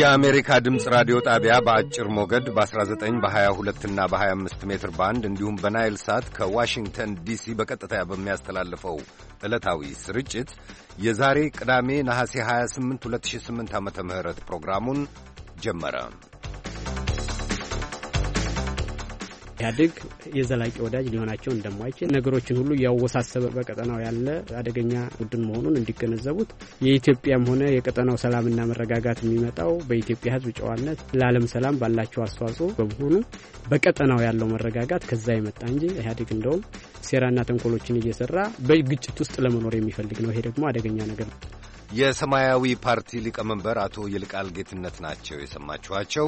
የአሜሪካ ድምፅ ራዲዮ ጣቢያ በአጭር ሞገድ በ19 በ22 እና በ25 ሜትር ባንድ እንዲሁም በናይል ሳት ከዋሽንግተን ዲሲ በቀጥታ በሚያስተላልፈው ዕለታዊ ስርጭት የዛሬ ቅዳሜ ነሐሴ 28 2008 ዓ ም ፕሮግራሙን ጀመረ። ኢህአዴግ የዘላቂ ወዳጅ ሊሆናቸው እንደማይችል ነገሮችን ሁሉ እያወሳሰበ በቀጠናው ያለ አደገኛ ቡድን መሆኑን እንዲገነዘቡት የኢትዮጵያም ሆነ የቀጠናው ሰላምና መረጋጋት የሚመጣው በኢትዮጵያ ሕዝብ ጨዋነት ለዓለም ሰላም ባላቸው አስተዋጽኦ በመሆኑ በቀጠናው ያለው መረጋጋት ከዛ የመጣ እንጂ ኢህአዴግ እንደውም ሴራና ተንኮሎችን እየሰራ በግጭት ውስጥ ለመኖር የሚፈልግ ነው። ይሄ ደግሞ አደገኛ ነገር ነው። የሰማያዊ ፓርቲ ሊቀመንበር አቶ ይልቃል ጌትነት ናቸው የሰማችኋቸው።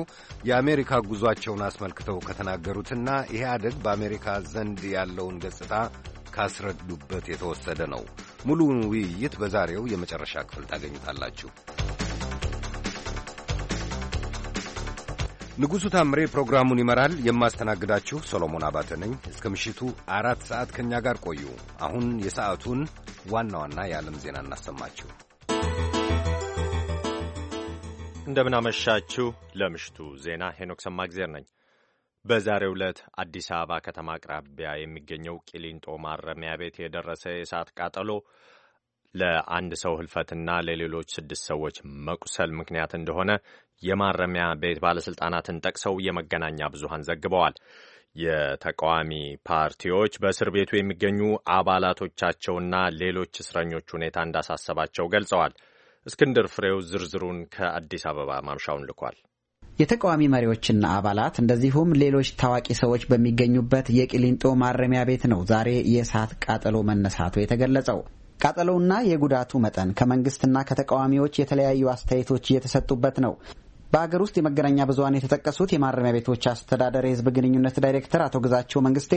የአሜሪካ ጉዟቸውን አስመልክተው ከተናገሩትና ኢህአደግ በአሜሪካ ዘንድ ያለውን ገጽታ ካስረዱበት የተወሰደ ነው። ሙሉውን ውይይት በዛሬው የመጨረሻ ክፍል ታገኙታላችሁ። ንጉሡ ታምሬ ፕሮግራሙን ይመራል። የማስተናግዳችሁ ሰሎሞን አባተ ነኝ። እስከ ምሽቱ አራት ሰዓት ከእኛ ጋር ቆዩ። አሁን የሰዓቱን ዋና ዋና የዓለም ዜና እናሰማችሁ። እንደምናመሻችሁ። ለምሽቱ ዜና ሄኖክ ሰማግዜር ነኝ። በዛሬው ዕለት አዲስ አበባ ከተማ አቅራቢያ የሚገኘው ቂሊንጦ ማረሚያ ቤት የደረሰ የእሳት ቃጠሎ ለአንድ ሰው ህልፈትና ለሌሎች ስድስት ሰዎች መቁሰል ምክንያት እንደሆነ የማረሚያ ቤት ባለሥልጣናትን ጠቅሰው የመገናኛ ብዙሃን ዘግበዋል። የተቃዋሚ ፓርቲዎች በእስር ቤቱ የሚገኙ አባላቶቻቸውና ሌሎች እስረኞች ሁኔታ እንዳሳሰባቸው ገልጸዋል። እስክንድር ፍሬው ዝርዝሩን ከአዲስ አበባ ማምሻውን ልኳል። የተቃዋሚ መሪዎችና አባላት እንደዚሁም ሌሎች ታዋቂ ሰዎች በሚገኙበት የቂሊንጦ ማረሚያ ቤት ነው ዛሬ የእሳት ቃጠሎ መነሳቱ የተገለጸው። ቃጠሎውና የጉዳቱ መጠን ከመንግስትና ከተቃዋሚዎች የተለያዩ አስተያየቶች እየተሰጡበት ነው። በአገር ውስጥ የመገናኛ ብዙሀን የተጠቀሱት የማረሚያ ቤቶች አስተዳደር የህዝብ ግንኙነት ዳይሬክተር አቶ ግዛቸው መንግስቴ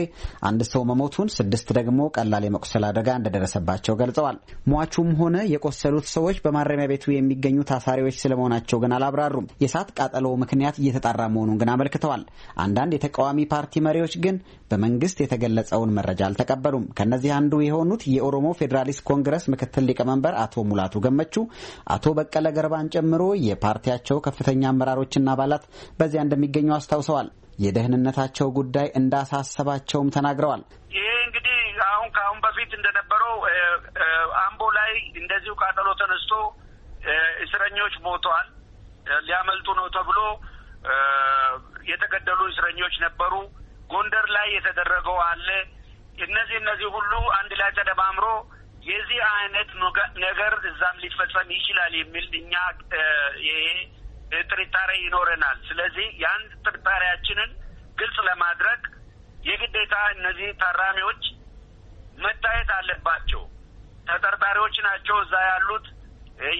አንድ ሰው መሞቱን፣ ስድስት ደግሞ ቀላል የመቁሰል አደጋ እንደደረሰባቸው ገልጸዋል። ሟቹም ሆነ የቆሰሉት ሰዎች በማረሚያ ቤቱ የሚገኙ ታሳሪዎች ስለመሆናቸው ግን አላብራሩም። የእሳት ቃጠሎ ምክንያት እየተጣራ መሆኑን ግን አመልክተዋል። አንዳንድ የተቃዋሚ ፓርቲ መሪዎች ግን በመንግስት የተገለጸውን መረጃ አልተቀበሉም። ከእነዚህ አንዱ የሆኑት የኦሮሞ ፌዴራሊስት ኮንግረስ ምክትል ሊቀመንበር አቶ ሙላቱ ገመቹ አቶ በቀለ ገርባን ጨምሮ የፓርቲያቸው ከፍተኛ አመራሮችና አባላት በዚያ እንደሚገኙ አስታውሰዋል። የደህንነታቸው ጉዳይ እንዳሳሰባቸውም ተናግረዋል። ይህ እንግዲህ አሁን ከአሁን በፊት እንደነበረው አምቦ ላይ እንደዚሁ ቃጠሎ ተነስቶ እስረኞች ሞተዋል፣ ሊያመልጡ ነው ተብሎ የተገደሉ እስረኞች ነበሩ። ጎንደር ላይ የተደረገው አለ። እነዚህ እነዚህ ሁሉ አንድ ላይ ተደማምሮ የዚህ አይነት ነገር እዛም ሊፈጸም ይችላል የሚል እኛ ይሄ ጥርጣሬ ይኖረናል። ስለዚህ የአንድ ጥርጣሬያችንን ግልጽ ለማድረግ የግዴታ እነዚህ ታራሚዎች መታየት አለባቸው። ተጠርጣሪዎች ናቸው እዛ ያሉት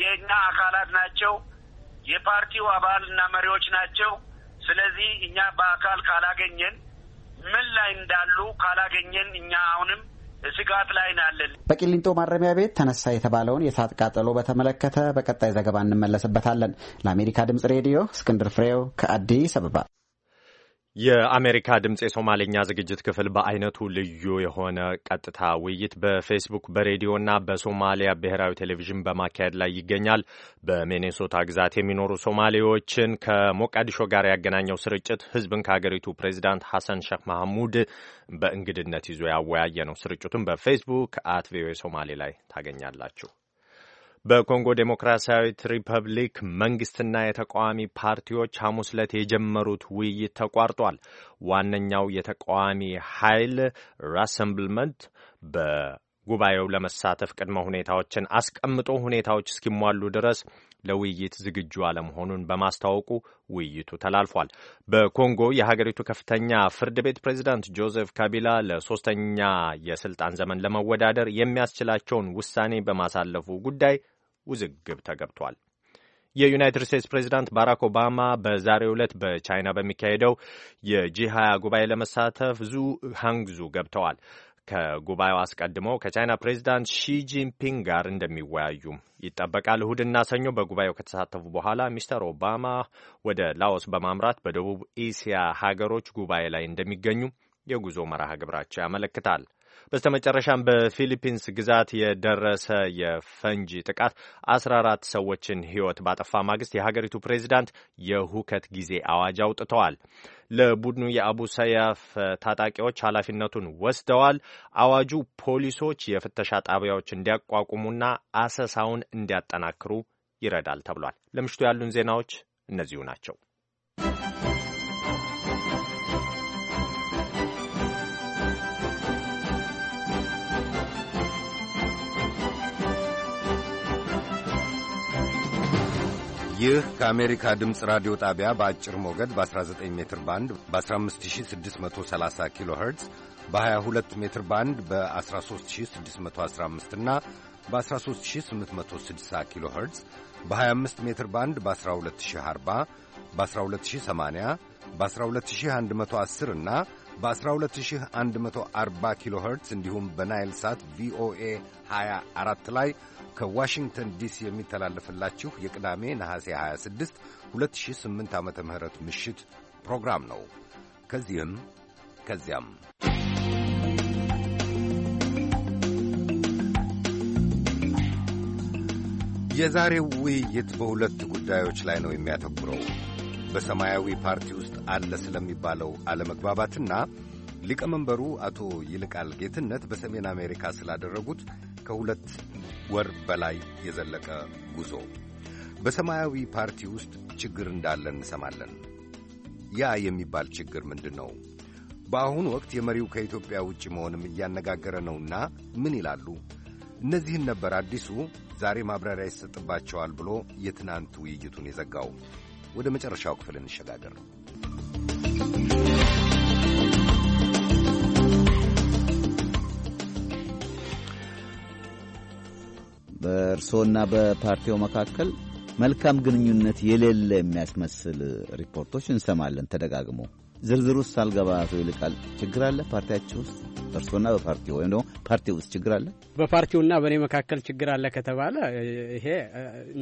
የእኛ አካላት ናቸው፣ የፓርቲው አባል እና መሪዎች ናቸው። ስለዚህ እኛ በአካል ካላገኘን ምን ላይ እንዳሉ ካላገኘን እኛ አሁንም ስጋት ላይ ናለን። በቂሊንጦ ማረሚያ ቤት ተነሳ የተባለውን የእሳት ቃጠሎ በተመለከተ በቀጣይ ዘገባ እንመለስበታለን። ለአሜሪካ ድምጽ ሬዲዮ እስክንድር ፍሬው ከአዲስ አበባ የአሜሪካ ድምፅ የሶማሌኛ ዝግጅት ክፍል በአይነቱ ልዩ የሆነ ቀጥታ ውይይት በፌስቡክ በሬዲዮና በሶማሊያ ብሔራዊ ቴሌቪዥን በማካሄድ ላይ ይገኛል። በሚኔሶታ ግዛት የሚኖሩ ሶማሌዎችን ከሞቃዲሾ ጋር ያገናኘው ስርጭት ህዝብን ከሀገሪቱ ፕሬዚዳንት ሐሰን ሼክ መሐሙድ በእንግድነት ይዞ ያወያየ ነው። ስርጭቱን በፌስቡክ አት ቪኦኤ ሶማሌ ላይ ታገኛላችሁ። በኮንጎ ዴሞክራሲያዊት ሪፐብሊክ መንግስትና የተቃዋሚ ፓርቲዎች ሐሙስ ዕለት የጀመሩት ውይይት ተቋርጧል። ዋነኛው የተቃዋሚ ኃይል ራሰምብልመንት በጉባኤው ለመሳተፍ ቅድመ ሁኔታዎችን አስቀምጦ ሁኔታዎች እስኪሟሉ ድረስ ለውይይት ዝግጁ አለመሆኑን በማስታወቁ ውይይቱ ተላልፏል። በኮንጎ የሀገሪቱ ከፍተኛ ፍርድ ቤት ፕሬዚዳንት ጆዜፍ ካቢላ ለሶስተኛ የስልጣን ዘመን ለመወዳደር የሚያስችላቸውን ውሳኔ በማሳለፉ ጉዳይ ውዝግብ ተገብቷል። የዩናይትድ ስቴትስ ፕሬዚዳንት ባራክ ኦባማ በዛሬው ዕለት በቻይና በሚካሄደው የጂ 20 ጉባኤ ለመሳተፍ ዙ ሃንግዙ ገብተዋል። ከጉባኤው አስቀድሞ ከቻይና ፕሬዚዳንት ጂንፒንግ ጋር እንደሚወያዩ ይጠበቃል። እሁድና ሰኞ በጉባኤው ከተሳተፉ በኋላ ሚስተር ኦባማ ወደ ላኦስ በማምራት በደቡብ ኤስያ ሀገሮች ጉባኤ ላይ እንደሚገኙ የጉዞ መርሃ ግብራቸው ያመለክታል። በስተመጨረሻም በፊሊፒንስ ግዛት የደረሰ የፈንጂ ጥቃት አስራ አራት ሰዎችን ህይወት ባጠፋ ማግስት የሀገሪቱ ፕሬዚዳንት የሁከት ጊዜ አዋጅ አውጥተዋል። ለቡድኑ የአቡ ሰያፍ ታጣቂዎች ኃላፊነቱን ወስደዋል። አዋጁ ፖሊሶች የፍተሻ ጣቢያዎች እንዲያቋቁሙና አሰሳውን እንዲያጠናክሩ ይረዳል ተብሏል። ለምሽቱ ያሉን ዜናዎች እነዚሁ ናቸው። ይህ ከአሜሪካ ድምፅ ራዲዮ ጣቢያ በአጭር ሞገድ በ19 ሜትር ባንድ በ15630 ኪሎ ኸርትዝ በ22 ሜትር ባንድ በ13615 እና በ13860 ኪሎ ኸርትዝ በ25 ሜትር ባንድ በ12040 በ12080 በ12110 እና በ12140 ኪሎ ኸርትዝ እንዲሁም በናይል ሳት ቪኦኤ 24 ላይ ከዋሽንግተን ዲሲ የሚተላለፍላችሁ የቅዳሜ ነሐሴ 26 2008 ዓ ም ምሽት ፕሮግራም ነው። ከዚህም ከዚያም የዛሬው ውይይት በሁለት ጉዳዮች ላይ ነው የሚያተኩረው በሰማያዊ ፓርቲ ውስጥ አለ ስለሚባለው አለመግባባትና ሊቀመንበሩ አቶ ይልቃል ጌትነት በሰሜን አሜሪካ ስላደረጉት ከሁለት ወር በላይ የዘለቀ ጉዞ በሰማያዊ ፓርቲ ውስጥ ችግር እንዳለ እንሰማለን። ያ የሚባል ችግር ምንድን ነው? በአሁኑ ወቅት የመሪው ከኢትዮጵያ ውጭ መሆንም እያነጋገረ ነውና ምን ይላሉ? እነዚህን ነበር አዲሱ ዛሬ ማብራሪያ ይሰጥባቸዋል ብሎ የትናንት ውይይቱን የዘጋው። ወደ መጨረሻው ክፍል እንሸጋገር። በእርስዎና በፓርቲው መካከል መልካም ግንኙነት የሌለ የሚያስመስል ሪፖርቶች እንሰማለን ተደጋግሞ ዝርዝር ውስጥ ሳልገባ አቶ ይልቃል ችግር አለ ፓርቲያቸው ውስጥ እርሶና በፓርቲ ወይም ደግሞ ፓርቲ ውስጥ ችግር አለ በፓርቲውና በእኔ መካከል ችግር አለ ከተባለ ይሄ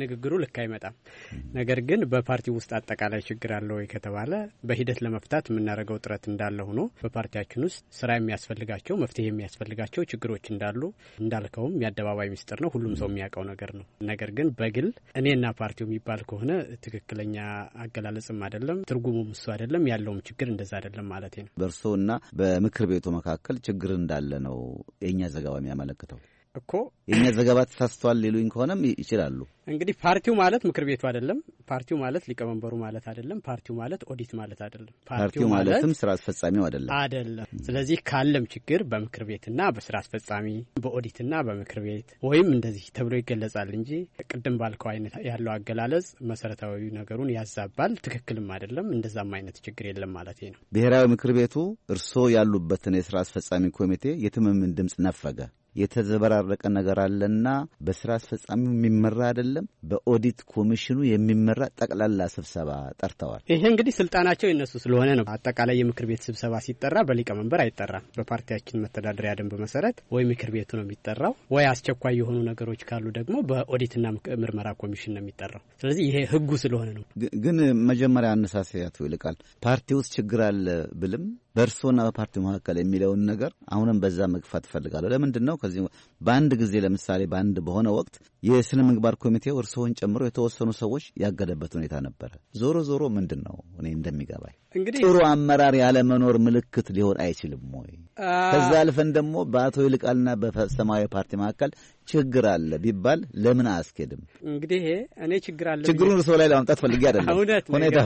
ንግግሩ ልክ አይመጣም። ነገር ግን በፓርቲው ውስጥ አጠቃላይ ችግር አለ ወይ ከተባለ በሂደት ለመፍታት የምናደርገው ጥረት እንዳለ ሆኖ በፓርቲያችን ውስጥ ስራ የሚያስፈልጋቸው መፍትሄ የሚያስፈልጋቸው ችግሮች እንዳሉ እንዳልከውም የአደባባይ ሚስጥር ነው፣ ሁሉም ሰው የሚያውቀው ነገር ነው። ነገር ግን በግል እኔና ፓርቲው የሚባል ከሆነ ትክክለኛ አገላለጽም አይደለም፣ ትርጉሙም እሱ አይደለም ያለውም ችግር ግን እንደዛ አይደለም ማለት ነው። በእርስዎ እና በምክር ቤቱ መካከል ችግር እንዳለ ነው የእኛ ዘገባ የሚያመለክተው። እኮ የእኛ ዘገባ ተሳስተዋል ሊሉኝ ከሆነም ይችላሉ። እንግዲህ ፓርቲው ማለት ምክር ቤቱ አይደለም። ፓርቲው ማለት ሊቀመንበሩ ማለት አይደለም። ፓርቲው ማለት ኦዲት ማለት አይደለም። ፓርቲው ማለትም ስራ አስፈጻሚው አይደለም አይደለም። ስለዚህ ካለም ችግር በምክር ቤትና በስራ አስፈጻሚ በኦዲትና በምክር ቤት ወይም እንደዚህ ተብሎ ይገለጻል እንጂ ቅድም ባልከው አይነት ያለው አገላለጽ መሰረታዊ ነገሩን ያዛባል፣ ትክክልም አይደለም። እንደዛም አይነት ችግር የለም ማለት ነው። ብሔራዊ ምክር ቤቱ እርስዎ ያሉበትን የስራ አስፈጻሚ ኮሚቴ የትምምን ድምፅ ነፈገ። የተዘበራረቀ ነገር አለና በስራ አስፈጻሚው የሚመራ አይደለም፣ በኦዲት ኮሚሽኑ የሚመራ ጠቅላላ ስብሰባ ጠርተዋል። ይሄ እንግዲህ ስልጣናቸው የነሱ ስለሆነ ነው። አጠቃላይ የምክር ቤት ስብሰባ ሲጠራ በሊቀመንበር አይጠራም። በፓርቲያችን መተዳደሪያ ደንብ መሰረት ወይ ምክር ቤቱ ነው የሚጠራው፣ ወይ አስቸኳይ የሆኑ ነገሮች ካሉ ደግሞ በኦዲትና ምርመራ ኮሚሽን ነው የሚጠራው። ስለዚህ ይሄ ህጉ ስለሆነ ነው። ግን መጀመሪያ አነሳሳያቱ ይልቃል ፓርቲ ውስጥ ችግር አለ ብልም በእርስዎና በፓርቲው መካከል የሚለውን ነገር አሁንም በዛ መግፋት እፈልጋለሁ። ለምንድን ነው ከዚህ በአንድ ጊዜ ለምሳሌ በአንድ በሆነ ወቅት የስነ ምግባር ኮሚቴው እርስዎን ጨምሮ የተወሰኑ ሰዎች ያገደበት ሁኔታ ነበረ። ዞሮ ዞሮ ምንድን ነው እኔ እንደሚገባኝ እንግዲህ ጥሩ አመራር ያለመኖር ምልክት ሊሆን አይችልም ወይ? ከዛ አልፈን ደግሞ በአቶ ይልቃልና በሰማያዊ ፓርቲ መካከል ችግር አለ ቢባል ለምን አያስኬድም? እንግዲህ እኔ ችግር አለ ችግሩን እርስዎ ላይ ለማምጣት ፈልጌ አይደለም። እውነት ሁኔታ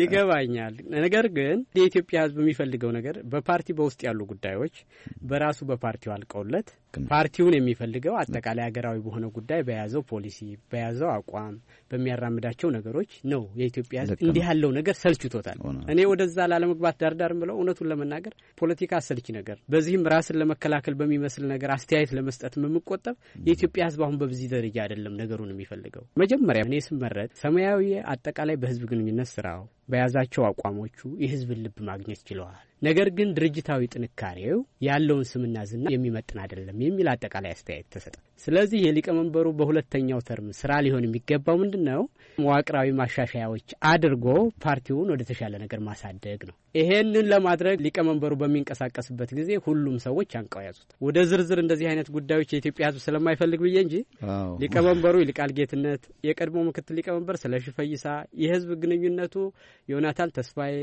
ይገባኛል። ነገር ግን የኢትዮጵያ ሕዝብ የሚፈልገው ነገር በፓርቲ በውስጥ ያሉ ጉዳዮች በራሱ በፓርቲው አልቀውለት ፓርቲውን የሚፈልገው አጠቃላይ ሀገራዊ በሆነ ጉዳይ በያ በያዘው ፖሊሲ፣ በያዘው አቋም፣ በሚያራምዳቸው ነገሮች ነው የኢትዮጵያ ሕዝብ እንዲህ ያለው ነገር ሰልችቶታል። እኔ ወደዛ ላለመግባት ዳርዳር ብለው እውነቱን ለመናገር ፖለቲካ አሰልች ነገር፣ በዚህም ራስን ለመከላከል በሚመስል ነገር አስተያየት ለመስጠት የምቆጠብ የኢትዮጵያ ሕዝብ አሁን በዚህ ደረጃ አይደለም ነገሩን የሚፈልገው። መጀመሪያ እኔ ስመረጥ ሰማያዊ አጠቃላይ በህዝብ ግንኙነት ስራው በያዛቸው አቋሞቹ የህዝብን ልብ ማግኘት ችለዋል። ነገር ግን ድርጅታዊ ጥንካሬው ያለውን ስምና ዝና የሚመጥን አይደለም የሚል አጠቃላይ አስተያየት ተሰጠ። ስለዚህ የሊቀመንበሩ በሁለተኛው ተርም ስራ ሊሆን የሚገባው ምንድን ነው? መዋቅራዊ ማሻሻያዎች አድርጎ ፓርቲውን ወደ ተሻለ ነገር ማሳደግ ነው። ይሄንን ለማድረግ ሊቀመንበሩ በሚንቀሳቀስበት ጊዜ ሁሉም ሰዎች አንቀው ያዙት። ወደ ዝርዝር እንደዚህ አይነት ጉዳዮች የኢትዮጵያ ሕዝብ ስለማይፈልግ ብዬ እንጂ ሊቀመንበሩ ይልቃል ጌትነት፣ የቀድሞ ምክትል ሊቀመንበር ስለሺ ፈይሳ፣ የህዝብ ግንኙነቱ ዮናታን ተስፋዬ፣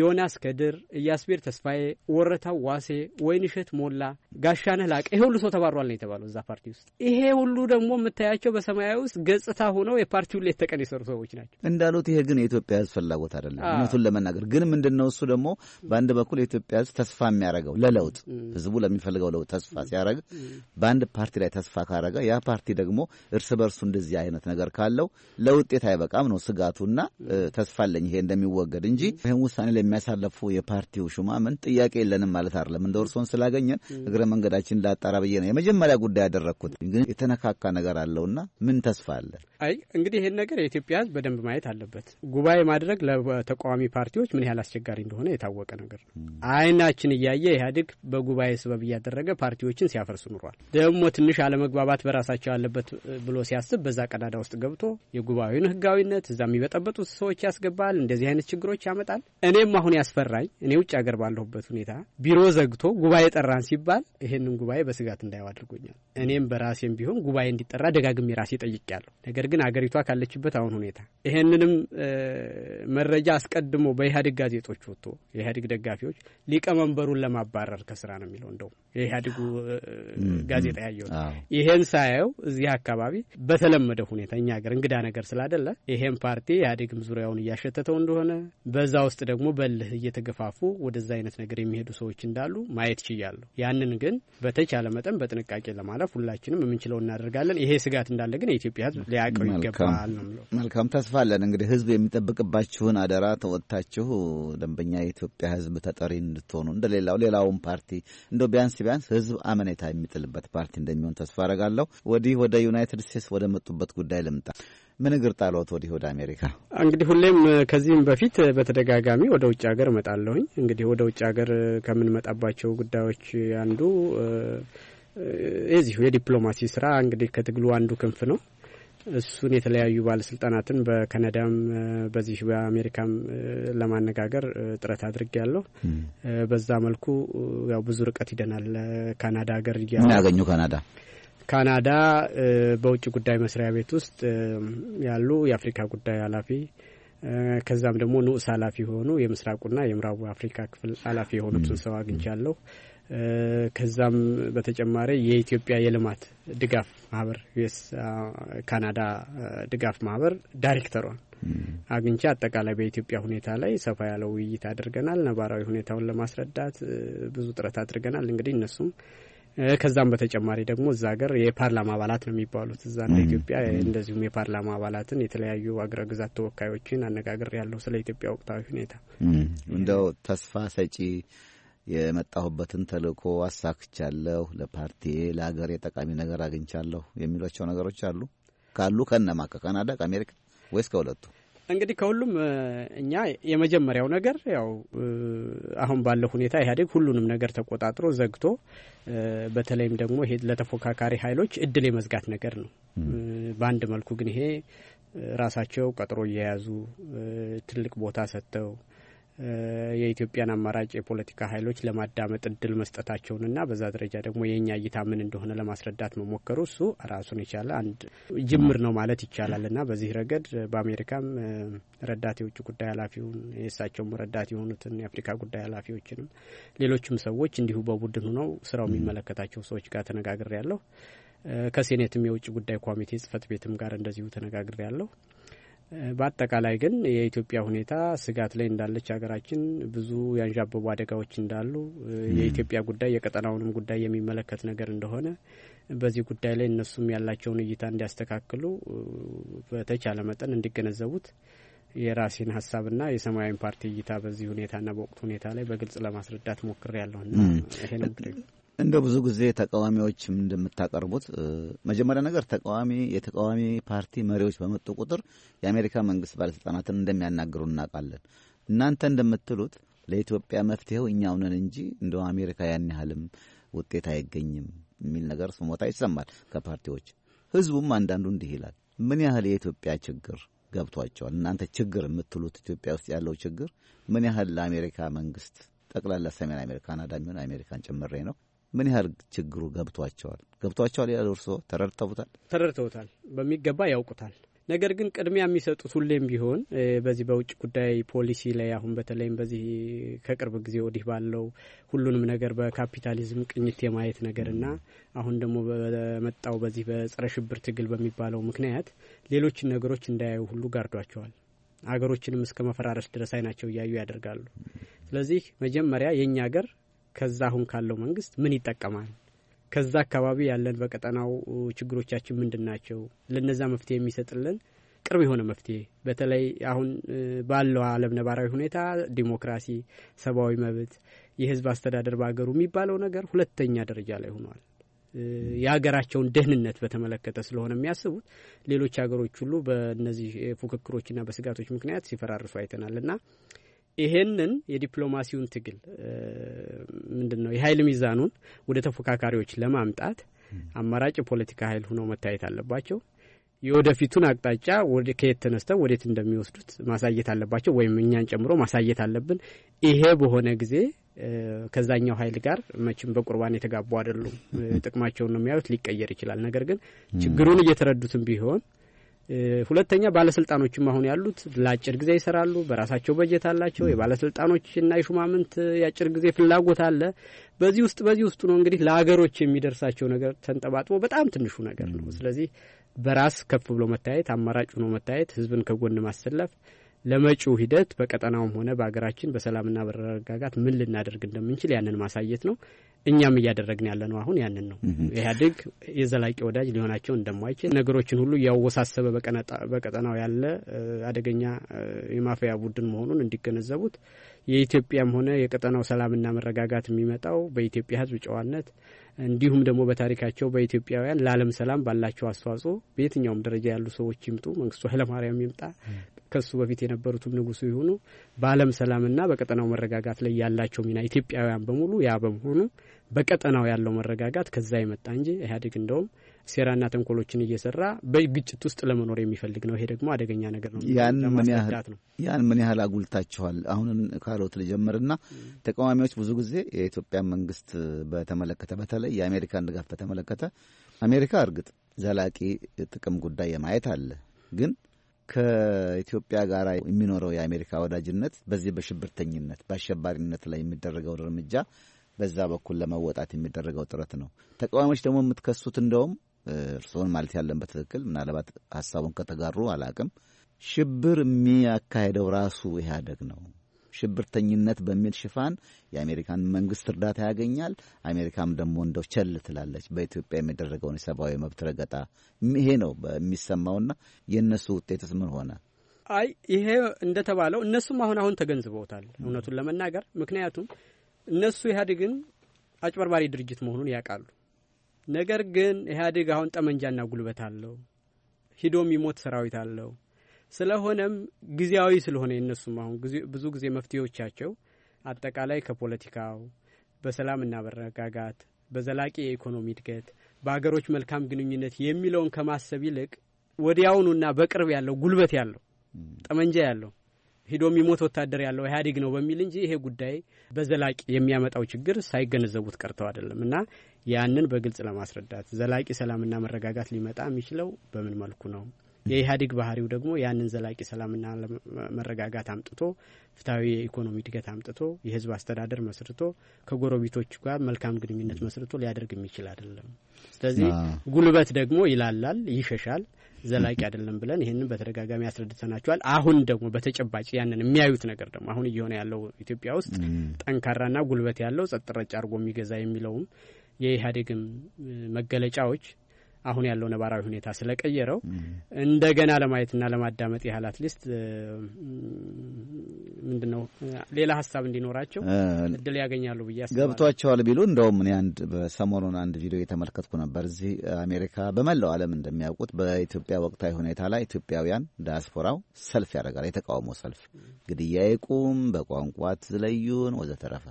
ዮናስ ከድር፣ እያስቤር ተስፋዬ፣ ወረታው ዋሴ፣ ወይንሸት ሞላ፣ ጋሻነህ ላቀ፣ ይሄ ሁሉ ሰው ተባሯል ነው የተባለው እዛ ፓርቲ ውስጥ። ይሄ ሁሉ ደግሞ የምታያቸው በሰማያዊ ውስጥ ገጽታ ሆነው የፓርቲውን ሌት ቀን የሰሩ ሰዎች ናቸው እንዳሉት። ይሄ ግን የኢትዮጵያ ሕዝብ ፍላጎት አይደለም። እውነቱን ለመናገር ግን ምንድን ነው እሱ ደግሞ በአንድ በኩል የኢትዮጵያ ሕዝብ ተስፋ የሚያደርገው ለለውጥ ሕዝቡ ለሚፈልገው ለውጥ ተስፋ ሲያደርግ፣ በአንድ ፓርቲ ላይ ተስፋ ካረገ ያ ፓርቲ ደግሞ እርስ በርሱ እንደዚህ አይነት ነገር ካለው ለውጤት አይበቃም ነው ስጋቱና ተስፋ አለኝ ይሄ እንደሚወገድ እንጂ ይህን ውሳኔ ለሚያሳለፉ የፓርቲው ሹማምን ጥያቄ የለንም ማለት አይደለም። እንደ እርሶን ስላገኘን እግረ መንገዳችን ላጣራ ብዬ ነው የመጀመሪያ ጉዳይ ያደረግኩት። ግን የተነካካ ነገር አለውና ምን ተስፋ አለን? አይ እንግዲህ ይህን ነገር የኢትዮጵያ ሕዝብ በደንብ ማየት አለበት። ጉባኤ ማድረግ ለተቃዋሚ ፓርቲዎች ምን ያህል አስቸጋሪ እንደሆነ የታወቀ ነገር ነው። አይናችን እያየ ኢህአዴግ በጉባኤ ስበብ እያደረገ ፓርቲዎችን ሲያፈርስ ኑሯል። ደግሞ ትንሽ አለመግባባት በራሳቸው አለበት ብሎ ሲያስብ በዛ ቀዳዳ ውስጥ ገብቶ የጉባኤውን ህጋዊነት እዛ የሚበጠበጡት ሰዎች ያስገባል። እንደዚህ አይነት ችግሮች ያመጣል። እኔም አሁን ያስፈራኝ እኔ ውጭ ሀገር ባለሁበት ሁኔታ ቢሮ ዘግቶ ጉባኤ ጠራን ሲባል ይህንን ጉባኤ በስጋት እንዳየው አድርጎኛል። እኔም በራሴም ቢሆን ጉባኤ እንዲጠራ ደጋግሜ ራሴ ጠይቄያለሁ ነገር ነገር ግን አገሪቷ ካለችበት አሁን ሁኔታ ይሄንንም መረጃ አስቀድሞ በኢህአዴግ ጋዜጦች ወጥቶ የኢህአዴግ ደጋፊዎች ሊቀመንበሩን ለማባረር ከስራ ነው የሚለው እንደው የኢህአዴጉ ጋዜጣ ያየው ይሄን ሳየው እዚህ አካባቢ በተለመደ ሁኔታ እኛ ሀገር እንግዳ ነገር ስላደለ ይሄን ፓርቲ ኢህአዴግም ዙሪያውን እያሸተተው እንደሆነ በዛ ውስጥ ደግሞ በልህ እየተገፋፉ ወደዛ አይነት ነገር የሚሄዱ ሰዎች እንዳሉ ማየት ችያለሁ። ያንን ግን በተቻለ መጠን በጥንቃቄ ለማለፍ ሁላችንም የምንችለው እናደርጋለን። ይሄ ስጋት እንዳለ ግን የኢትዮጵያ ሕዝብ ሊያቅ ልናደንቀው ይገባል። መልካም ተስፋ አለን። እንግዲህ ህዝብ የሚጠብቅባችሁን አደራ ተወጥታችሁ ደንበኛ የኢትዮጵያ ህዝብ ተጠሪ እንድትሆኑ እንደሌላው ሌላውን ፓርቲ እንደ ቢያንስ ቢያንስ ህዝብ አመኔታ የሚጥልበት ፓርቲ እንደሚሆን ተስፋ አረጋለሁ። ወዲህ ወደ ዩናይትድ ስቴትስ ወደ መጡበት ጉዳይ ልምጣ። ምን እግር ጣሎት ወዲህ ወደ አሜሪካ? እንግዲህ ሁሌም ከዚህም በፊት በተደጋጋሚ ወደ ውጭ ሀገር እመጣለሁኝ። እንግዲህ ወደ ውጭ ሀገር ከምንመጣባቸው ጉዳዮች አንዱ የዚሁ የዲፕሎማሲ ስራ እንግዲህ ከትግሉ አንዱ ክንፍ ነው። እሱን የተለያዩ ባለስልጣናትን በካናዳም በዚህ በአሜሪካም ለማነጋገር ጥረት አድርግ ያለሁ። በዛ መልኩ ያው ብዙ ርቀት ይደናል። ካናዳ ሀገር ምን ያገኙ? ካናዳ ካናዳ በውጭ ጉዳይ መስሪያ ቤት ውስጥ ያሉ የአፍሪካ ጉዳይ ኃላፊ ከዛም ደግሞ ንዑስ ኃላፊ የሆኑ የምስራቁና የምዕራቡ አፍሪካ ክፍል ኃላፊ የሆኑትን ሰው አግኝቻለሁ። ከዛም በተጨማሪ የኢትዮጵያ የልማት ድጋፍ ማህበር ዩኤስ ካናዳ ድጋፍ ማህበር ዳይሬክተሯን አግኝቼ አጠቃላይ በኢትዮጵያ ሁኔታ ላይ ሰፋ ያለው ውይይት አድርገናል። ነባራዊ ሁኔታውን ለማስረዳት ብዙ ጥረት አድርገናል። እንግዲህ እነሱም ከዛም በተጨማሪ ደግሞ እዛ ሀገር የፓርላማ አባላት ነው የሚባሉት እዛ እንደ ኢትዮጵያ እንደዚሁም የፓርላማ አባላትን የተለያዩ አገረ ግዛት ተወካዮችን አነጋግር ያለው ስለ ኢትዮጵያ ወቅታዊ ሁኔታ እንደው ተስፋ ሰጪ የመጣሁበትን ተልእኮ አሳክቻለሁ፣ ለፓርቲዬ ለሀገሬ ጠቃሚ ነገር አግኝቻለሁ የሚሏቸው ነገሮች አሉ ካሉ ከነማ ከካናዳ ከአሜሪካ ወይስ ከሁለቱ? እንግዲህ ከሁሉም እኛ የመጀመሪያው ነገር ያው አሁን ባለው ሁኔታ ኢህአዴግ ሁሉንም ነገር ተቆጣጥሮ ዘግቶ በተለይም ደግሞ ይሄ ለተፎካካሪ ኃይሎች እድል የመዝጋት ነገር ነው። በአንድ መልኩ ግን ይሄ ራሳቸው ቀጥሮ እየያዙ ትልቅ ቦታ ሰጥተው የኢትዮጵያን አማራጭ የፖለቲካ ኃይሎች ለማዳመጥ እድል መስጠታቸውንና በዛ ደረጃ ደግሞ የእኛ እይታ ምን እንደሆነ ለማስረዳት መሞከሩ እሱ ራሱን የቻለ አንድ ጅምር ነው ማለት ይቻላልና በዚህ ረገድ በአሜሪካም ረዳት የውጭ ጉዳይ ኃላፊውን የእሳቸውም ረዳት የሆኑትን የአፍሪካ ጉዳይ ኃላፊዎችንም ሌሎችም ሰዎች እንዲሁ በቡድን ሆነው ስራው የሚመለከታቸው ሰዎች ጋር ተነጋግሬ ያለሁ። ከሴኔትም የውጭ ጉዳይ ኮሚቴ ጽህፈት ቤትም ጋር እንደዚሁ ተነጋግሬ ያለሁ። በአጠቃላይ ግን የኢትዮጵያ ሁኔታ ስጋት ላይ እንዳለች ሀገራችን ብዙ ያንዣበቡ አደጋዎች እንዳሉ የኢትዮጵያ ጉዳይ የቀጠናውንም ጉዳይ የሚመለከት ነገር እንደሆነ በዚህ ጉዳይ ላይ እነሱም ያላቸውን እይታ እንዲያስተካክሉ በተቻለ መጠን እንዲገነዘቡት የራሴን ሀሳብና የሰማያዊ ፓርቲ እይታ በዚህ ሁኔታና በወቅቱ ሁኔታ ላይ በግልጽ ለማስረዳት ሞክሬ ያለሁና ይሄ ነው እንደ ብዙ ጊዜ ተቃዋሚዎችም እንደምታቀርቡት መጀመሪያ ነገር ተቃዋሚ የተቃዋሚ ፓርቲ መሪዎች በመጡ ቁጥር የአሜሪካ መንግስት ባለስልጣናትን እንደሚያናግሩ እናውቃለን። እናንተ እንደምትሉት ለኢትዮጵያ መፍትሄው እኛው ነን እንጂ እንደ አሜሪካ ያን ያህልም ውጤት አይገኝም የሚል ነገር ስሞታ ይሰማል ከፓርቲዎች። ህዝቡም አንዳንዱ እንዲህ ይላል። ምን ያህል የኢትዮጵያ ችግር ገብቷቸዋል? እናንተ ችግር የምትሉት ኢትዮጵያ ውስጥ ያለው ችግር ምን ያህል ለአሜሪካ መንግስት ጠቅላላ ሰሜን አሜሪካን አዳሚሆን አሜሪካን ጭምሬ ነው ምን ያህል ችግሩ ገብቷቸዋል? ገብቷቸዋል ያለ እርስዎ ተረድተውታል? ተረድተውታል፣ በሚገባ ያውቁታል። ነገር ግን ቅድሚያ የሚሰጡት ሁሌም ቢሆን በዚህ በውጭ ጉዳይ ፖሊሲ ላይ አሁን በተለይም በዚህ ከቅርብ ጊዜ ወዲህ ባለው ሁሉንም ነገር በካፒታሊዝም ቅኝት የማየት ነገርና አሁን ደግሞ በመጣው በዚህ በጸረ ሽብር ትግል በሚባለው ምክንያት ሌሎችን ነገሮች እንዳያዩ ሁሉ ጋርዷቸዋል። ሀገሮችንም እስከ መፈራረስ ድረስ አይናቸው እያዩ ያደርጋሉ። ስለዚህ መጀመሪያ የእኛ ሀገር ከዛ አሁን ካለው መንግስት ምን ይጠቀማል? ከዛ አካባቢ ያለን በቀጠናው ችግሮቻችን ምንድን ናቸው? ለነዛ መፍትሄ የሚሰጥልን ቅርብ የሆነ መፍትሄ በተለይ አሁን ባለው ዓለም ነባራዊ ሁኔታ ዲሞክራሲ፣ ሰብአዊ መብት፣ የህዝብ አስተዳደር በሀገሩ የሚባለው ነገር ሁለተኛ ደረጃ ላይ ሆኗል። የሀገራቸውን ደህንነት በተመለከተ ስለሆነ የሚያስቡት ሌሎች ሀገሮች ሁሉ በእነዚህ ፉክክሮችና በስጋቶች ምክንያት ሲፈራርሱ አይተናል እና ይሄንን የዲፕሎማሲውን ትግል ምንድን ነው የኃይል ሚዛኑን ወደ ተፎካካሪዎች ለማምጣት አማራጭ የፖለቲካ ኃይል ሆኖ መታየት አለባቸው። የወደፊቱን አቅጣጫ ከየት ተነስተው ወዴት እንደሚወስዱት ማሳየት አለባቸው፣ ወይም እኛን ጨምሮ ማሳየት አለብን። ይሄ በሆነ ጊዜ ከዛኛው ኃይል ጋር መቼም በቁርባን የተጋቡ አይደሉም። ጥቅማቸውን ነው የሚያዩት። ሊቀየር ይችላል። ነገር ግን ችግሩን እየተረዱትም ቢሆን ሁለተኛ ባለስልጣኖችም አሁን ያሉት ለአጭር ጊዜ ይሰራሉ። በራሳቸው በጀት አላቸው። የባለስልጣኖችና የሹማምንት የአጭር ጊዜ ፍላጎት አለ። በዚህ ውስጥ በዚህ ውስጡ ነው እንግዲህ ለሀገሮች የሚደርሳቸው ነገር ተንጠባጥቦ በጣም ትንሹ ነገር ነው። ስለዚህ በራስ ከፍ ብሎ መታየት፣ አማራጭ ሆኖ መታየት፣ ህዝብን ከጎን ማሰለፍ ለመጪው ሂደት በቀጠናውም ሆነ በሀገራችን በሰላምና በረጋጋት ምን ልናደርግ እንደምንችል ያንን ማሳየት ነው። እኛም እያደረግን ያለ ነው። አሁን ያንን ነው። ኢህአዴግ የዘላቂ ወዳጅ ሊሆናቸው እንደማይችል ነገሮችን ሁሉ እያወሳሰበ በቀጠናው ያለ አደገኛ የማፊያ ቡድን መሆኑን እንዲገነዘቡት የኢትዮጵያም ሆነ የቀጠናው ሰላምና መረጋጋት የሚመጣው በኢትዮጵያ ሕዝብ ጨዋነት እንዲሁም ደግሞ በታሪካቸው በኢትዮጵያውያን ለዓለም ሰላም ባላቸው አስተዋጽኦ በየትኛውም ደረጃ ያሉ ሰዎች ይምጡ፣ መንግስቱ ኃይለማርያም ይምጣ፣ ከሱ በፊት የነበሩትም ንጉሱ የሆኑ በዓለም ሰላምና በቀጠናው መረጋጋት ላይ ያላቸው ሚና ኢትዮጵያውያን በሙሉ ያ በመሆኑ በቀጠናው ያለው መረጋጋት ከዛ የመጣ እንጂ ኢህአዴግ እንደውም ሴራና ተንኮሎችን እየሰራ በግጭት ውስጥ ለመኖር የሚፈልግ ነው። ይሄ ደግሞ አደገኛ ነገር ነው። ያን ምን ያህል አጉልታችኋል? አሁንም ካሎት ልጀምርና ተቃዋሚዎች ብዙ ጊዜ የኢትዮጵያ መንግስት በተመለከተ በተለይ የአሜሪካን ድጋፍ በተመለከተ አሜሪካ እርግጥ ዘላቂ ጥቅም ጉዳይ የማየት አለ ግን ከኢትዮጵያ ጋር የሚኖረው የአሜሪካ ወዳጅነት በዚህ በሽብርተኝነት በአሸባሪነት ላይ የሚደረገውን እርምጃ በዛ በኩል ለመወጣት የሚደረገው ጥረት ነው። ተቃዋሚዎች ደግሞ የምትከሱት እንደውም እርስዎን ማለት ያለን በትክክል ምናልባት ሀሳቡን ከተጋሩ አላቅም፣ ሽብር የሚያካሄደው ራሱ ኢህአደግ ነው ሽብርተኝነት በሚል ሽፋን የአሜሪካን መንግስት እርዳታ ያገኛል። አሜሪካም ደግሞ እንደው ቸል ትላለች በኢትዮጵያ የሚደረገውን የሰብአዊ መብት ረገጣ። ይሄ ነው የሚሰማውና የእነሱ ውጤትስ ምን ሆነ? አይ ይሄ እንደተባለው እነሱም አሁን አሁን ተገንዝበውታል፣ እውነቱን ለመናገር ምክንያቱም እነሱ ኢህአዴግን አጭበርባሪ ድርጅት መሆኑን ያውቃሉ። ነገር ግን ኢህአዴግ አሁን ጠመንጃና ጉልበት አለው፣ ሂዶ የሚሞት ሰራዊት አለው ስለሆነም ጊዜያዊ ስለሆነ የነሱም አሁን ብዙ ጊዜ መፍትሄዎቻቸው አጠቃላይ ከፖለቲካው በሰላምና መረጋጋት፣ በዘላቂ የኢኮኖሚ እድገት፣ በሀገሮች መልካም ግንኙነት የሚለውን ከማሰብ ይልቅ ወዲያውኑና በቅርብ ያለው ጉልበት ያለው ጠመንጃ ያለው ሂዶ የሚሞት ወታደር ያለው ኢህአዴግ ነው በሚል እንጂ ይሄ ጉዳይ በዘላቂ የሚያመጣው ችግር ሳይገነዘቡት ቀርተው አይደለም እና ያንን በግልጽ ለማስረዳት ዘላቂ ሰላምና መረጋጋት ሊመጣ የሚችለው በምን መልኩ ነው የኢህአዴግ ባህሪው ደግሞ ያንን ዘላቂ ሰላምና መረጋጋት አምጥቶ ፍትሐዊ የኢኮኖሚ እድገት አምጥቶ የህዝብ አስተዳደር መስርቶ ከጎረቤቶች ጋር መልካም ግንኙነት መስርቶ ሊያደርግ የሚችል አይደለም። ስለዚህ ጉልበት ደግሞ ይላላል፣ ይሸሻል፣ ዘላቂ አይደለም ብለን ይህንን በተደጋጋሚ ያስረድተናቸዋል። አሁን ደግሞ በተጨባጭ ያንን የሚያዩት ነገር ደግሞ አሁን እየሆነ ያለው ኢትዮጵያ ውስጥ ጠንካራና ጉልበት ያለው ጸጥ አድርጎ የሚገዛ የሚለውም የኢህአዴግም መገለጫዎች አሁን ያለው ነባራዊ ሁኔታ ስለቀየረው እንደገና ለማየትና ለማዳመጥ ያህል አትሊስት ምንድን ነው ሌላ ሀሳብ እንዲኖራቸው እድል ያገኛሉ ብዬ አስባለሁ። ገብቷቸዋል ቢሉ እንደውም እኔ አንድ በሰሞኑን አንድ ቪዲዮ የተመለከትኩ ነበር። እዚህ አሜሪካ በመላው ዓለም እንደሚያውቁት በኢትዮጵያ ወቅታዊ ሁኔታ ላይ ኢትዮጵያውያን ዲያስፖራው ሰልፍ ያደርጋል። የተቃውሞ ሰልፍ ግድያ ይቁም፣ በቋንቋ አትለዩን፣ ወዘተረፈ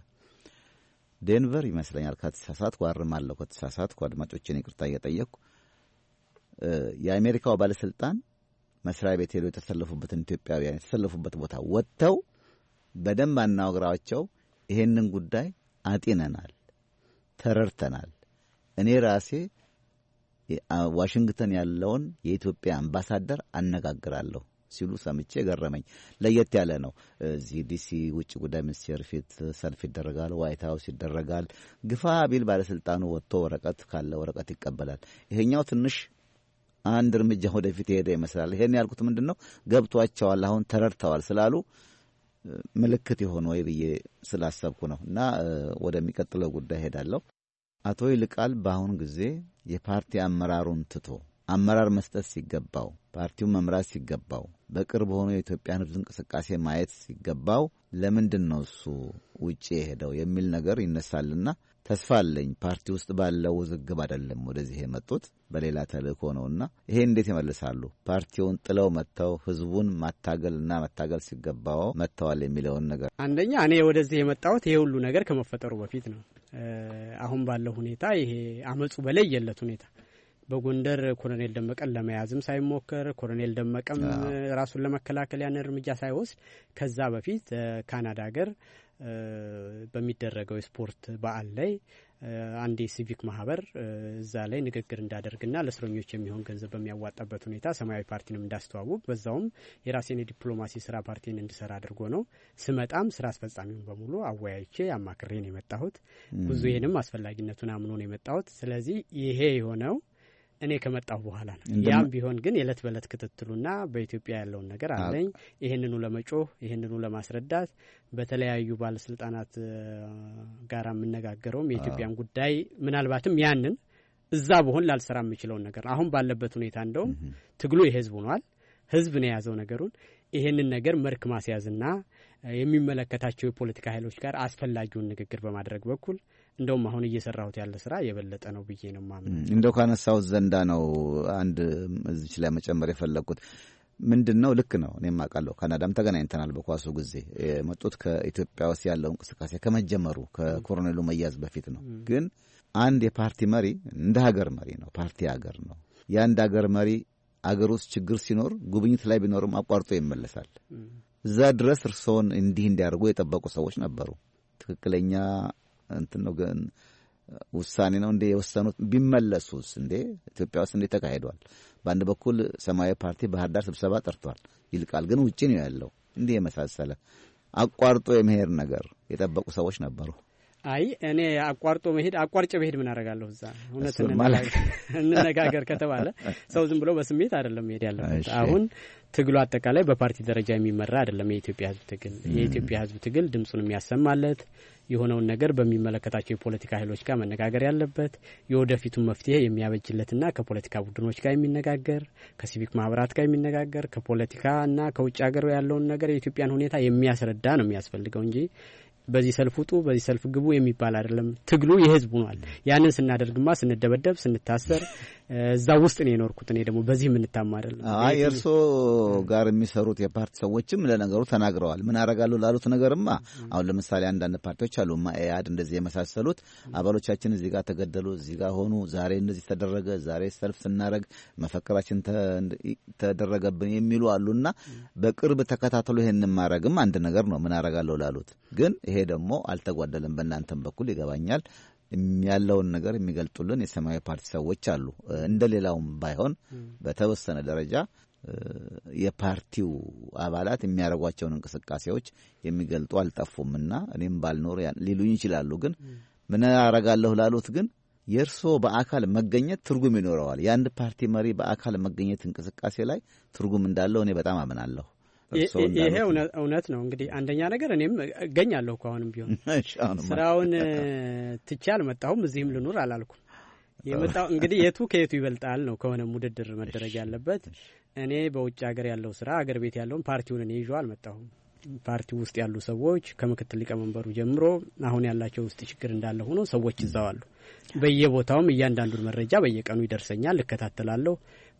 ዴንቨር ይመስለኛል ከተሳሳትኩ፣ አርማለሁ ከተሳሳትኩ፣ አድማጮችን ይቅርታ እየጠየቅኩ የአሜሪካው ባለስልጣን መስሪያ ቤት ሄዶ የተሰለፉበትን ኢትዮጵያውያን የተሰለፉበት ቦታ ወጥተው በደንብ አናወግራቸው። ይሄንን ጉዳይ አጢነናል፣ ተረድተናል። እኔ ራሴ ዋሽንግተን ያለውን የኢትዮጵያ አምባሳደር አነጋግራለሁ ሲሉ ሰምቼ ገረመኝ። ለየት ያለ ነው። እዚህ ዲሲ ውጭ ጉዳይ ሚኒስቴር ፊት ሰልፍ ይደረጋል፣ ዋይት ሀውስ ይደረጋል። ግፋ ቢል ባለስልጣኑ ወጥቶ ወረቀት ካለ ወረቀት ይቀበላል። ይሄኛው ትንሽ አንድ እርምጃ ወደፊት የሄደ ይመስላል። ይሄን ያልኩት ምንድን ነው ገብቷቸዋል፣ አሁን ተረድተዋል ስላሉ ምልክት የሆነ ወይ ብዬ ስላሰብኩ ነው። እና ወደሚቀጥለው ጉዳይ ሄዳለሁ። አቶ ይልቃል በአሁኑ ጊዜ የፓርቲ አመራሩን ትቶ አመራር መስጠት ሲገባው፣ ፓርቲውን መምራት ሲገባው፣ በቅርብ ሆኖ የኢትዮጵያን ሕዝብ እንቅስቃሴ ማየት ሲገባው ለምንድን ነው እሱ ውጭ የሄደው የሚል ነገር ይነሳልና ተስፋ አለኝ። ፓርቲ ውስጥ ባለው ውዝግብ አይደለም ወደዚህ የመጡት በሌላ ተልእኮ ነውና ይሄ እንዴት ይመልሳሉ? ፓርቲውን ጥለው መጥተው ህዝቡን ማታገልና መታገል ሲገባው መጥተዋል የሚለውን ነገር አንደኛ እኔ ወደዚህ የመጣሁት ይሄ ሁሉ ነገር ከመፈጠሩ በፊት ነው። አሁን ባለው ሁኔታ ይሄ አመፁ በላይ የለት ሁኔታ በጎንደር ኮሎኔል ደመቀን ለመያዝም ሳይሞከር ኮሎኔል ደመቀም ራሱን ለመከላከል ያን እርምጃ ሳይወስድ ከዛ በፊት ካናዳ ሀገር በሚደረገው የስፖርት በዓል ላይ አንድ የሲቪክ ማህበር እዛ ላይ ንግግር እንዳደርግና ለእስረኞች የሚሆን ገንዘብ በሚያዋጣበት ሁኔታ ሰማያዊ ፓርቲንም እንዳስተዋውቅ በዛውም የራሴን የዲፕሎማሲ ስራ ፓርቲን እንድሰራ አድርጎ ነው። ስመጣም ስራ አስፈጻሚውን በሙሉ አወያይቼ አማክሬ ነው የመጣሁት። ጉዞዬንም አስፈላጊነቱን አምኖ ነው የመጣሁት። ስለዚህ ይሄ የሆነው እኔ ከመጣሁ በኋላ ነው። ያም ቢሆን ግን የዕለት በዕለት ክትትሉና በኢትዮጵያ ያለውን ነገር አለኝ። ይህንኑ ለመጮህ ይህንኑ ለማስረዳት በተለያዩ ባለስልጣናት ጋር የምነጋገረውም የኢትዮጵያን ጉዳይ ምናልባትም ያንን እዛ በሆን ላልሰራ የምችለውን ነገር አሁን ባለበት ሁኔታ እንደውም ትግሉ የህዝብ ሆኗል። ህዝብ ነው የያዘው ነገሩን ይህንን ነገር መርክ ማስያዝና የሚመለከታቸው የፖለቲካ ኃይሎች ጋር አስፈላጊውን ንግግር በማድረግ በኩል እንደውም አሁን እየሰራሁት ያለ ስራ የበለጠ ነው ብዬ ነው ማምን። እንደው ካነሳሁት ዘንዳ ነው አንድ እዚች ላይ መጨመር የፈለግኩት ምንድን ነው ልክ ነው። እኔም አውቃለሁ ካናዳም ተገናኝተናል በኳሱ ጊዜ የመጡት ከኢትዮጵያ ውስጥ ያለው እንቅስቃሴ ከመጀመሩ ከኮሎኔሉ መያዝ በፊት ነው። ግን አንድ የፓርቲ መሪ እንደ ሀገር መሪ ነው። ፓርቲ ሀገር ነው። የአንድ ሀገር መሪ አገር ውስጥ ችግር ሲኖር ጉብኝት ላይ ቢኖርም አቋርጦ ይመለሳል። እዛ ድረስ እርስዎን እንዲህ እንዲያደርጉ የጠበቁ ሰዎች ነበሩ። ትክክለኛ እንትን ነው ግን ውሳኔ ነው እንዴ የወሰኑት? ቢመለሱስ እንዴ ኢትዮጵያ ውስጥ እንዴ ተካሂዷል። በአንድ በኩል ሰማያዊ ፓርቲ ባህር ዳር ስብሰባ ጠርቷል። ይልቃል ግን ውጭ ነው ያለው። እንዲህ የመሳሰለ አቋርጦ የመሄድ ነገር የጠበቁ ሰዎች ነበሩ። አይ እኔ አቋርጦ መሄድ አቋርጬ መሄድ ምን አደርጋለሁ? እዛ እውነት እንነጋገር ከተባለ ሰው ዝም ብሎ በስሜት አይደለም መሄድ ያለበት። አሁን ትግሉ አጠቃላይ በፓርቲ ደረጃ የሚመራ አይደለም። የኢትዮጵያ ሕዝብ ትግል የኢትዮጵያ ሕዝብ ትግል ድምፁን የሚያሰማለት የሆነውን ነገር በሚመለከታቸው የፖለቲካ ኃይሎች ጋር መነጋገር ያለበት የወደፊቱን መፍትሄ የሚያበጅለትና ከፖለቲካ ቡድኖች ጋር የሚነጋገር ከሲቪክ ማህበራት ጋር የሚነጋገር ከፖለቲካና ከውጭ ሀገር ያለውን ነገር የኢትዮጵያን ሁኔታ የሚያስረዳ ነው የሚያስፈልገው እንጂ በዚህ ሰልፍ ውጡ፣ በዚህ ሰልፍ ግቡ የሚባል አይደለም። ትግሉ የህዝብ ሆኗል። ያንን ስናደርግማ ስንደበደብ፣ ስንታሰር፣ እዛ ውስጥ ነው የኖርኩት። እኔ ደግሞ በዚህ የምንታማረል የእርሶ ጋር የሚሰሩት የፓርቲ ሰዎችም ለነገሩ ተናግረዋል። ምን አረጋለሁ ላሉት ነገርማ አሁን ለምሳሌ አንዳንድ ፓርቲዎች አሉ ማኤያድ እንደዚህ የመሳሰሉት አባሎቻችን እዚህ ጋር ተገደሉ፣ እዚህ ጋር ሆኑ፣ ዛሬ እንደዚህ ተደረገ፣ ዛሬ ሰልፍ ስናደረግ መፈክራችን ተደረገብን የሚሉ አሉና በቅርብ ተከታተሉ። ይህን ማድረግም አንድ ነገር ነው ምን አረጋለሁ ላሉት። ግን ይሄ ደግሞ አልተጓደለም በእናንተም በኩል ይገባኛል ያለውን ነገር የሚገልጡልን የሰማያዊ ፓርቲ ሰዎች አሉ። እንደ ሌላውም ባይሆን በተወሰነ ደረጃ የፓርቲው አባላት የሚያደርጓቸውን እንቅስቃሴዎች የሚገልጡ አልጠፉምና እኔም ባልኖር ሊሉኝ ይችላሉ። ግን ምን አረጋለሁ ላሉት ግን የእርስዎ በአካል መገኘት ትርጉም ይኖረዋል። የአንድ ፓርቲ መሪ በአካል መገኘት እንቅስቃሴ ላይ ትርጉም እንዳለው እኔ በጣም አምናለሁ። ይሄ እውነት ነው። እንግዲህ አንደኛ ነገር እኔም እገኛለሁ እኮ አሁንም ቢሆን ስራውን ትቼ አልመጣሁም። እዚህም ልኑር አላልኩም። የመጣው እንግዲህ የቱ ከየቱ ይበልጣል ነው ከሆነም ውድድር መደረግ ያለበት። እኔ በውጭ ሀገር ያለው ስራ አገር ቤት ያለውን ፓርቲውን እኔ ይዤ አልመጣሁም። ፓርቲ ውስጥ ያሉ ሰዎች ከምክትል ሊቀመንበሩ ጀምሮ አሁን ያላቸው ውስጥ ችግር እንዳለ ሆኖ ሰዎች እዛው አሉ። በየቦታውም እያንዳንዱን መረጃ በየቀኑ ይደርሰኛል፣ እከታተላለሁ።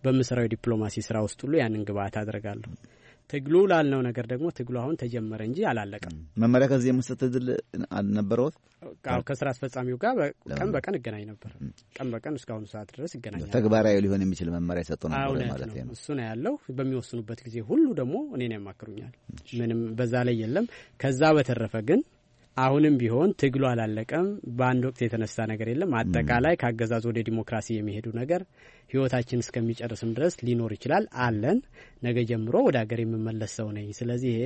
በምስራዊ ዲፕሎማሲ ስራ ውስጥ ሁሉ ያንን ግብአት አድርጋለሁ። ትግሉ ላልነው ነገር ደግሞ ትግሉ አሁን ተጀመረ እንጂ አላለቀም። መመሪያ ከዚህ የመስጠት እድል አልነበረውት። ከስራ አስፈጻሚው ጋር ቀን በቀን እገናኝ ነበር። ቀን በቀን እስካሁኑ ሰዓት ድረስ ይገናኛል። ተግባራዊ ሊሆን የሚችል መመሪያ የሰጡ ነበር ማለት ነው። እሱ ነው ያለው። በሚወስኑበት ጊዜ ሁሉ ደግሞ እኔን ያማክሩኛል። ምንም በዛ ላይ የለም። ከዛ በተረፈ ግን አሁንም ቢሆን ትግሉ አላለቀም። በአንድ ወቅት የተነሳ ነገር የለም። አጠቃላይ ከአገዛዝ ወደ ዲሞክራሲ የሚሄዱ ነገር ህይወታችን እስከሚጨርስም ድረስ ሊኖር ይችላል አለን። ነገ ጀምሮ ወደ ሀገር የምመለስ ሰው ነኝ። ስለዚህ ይሄ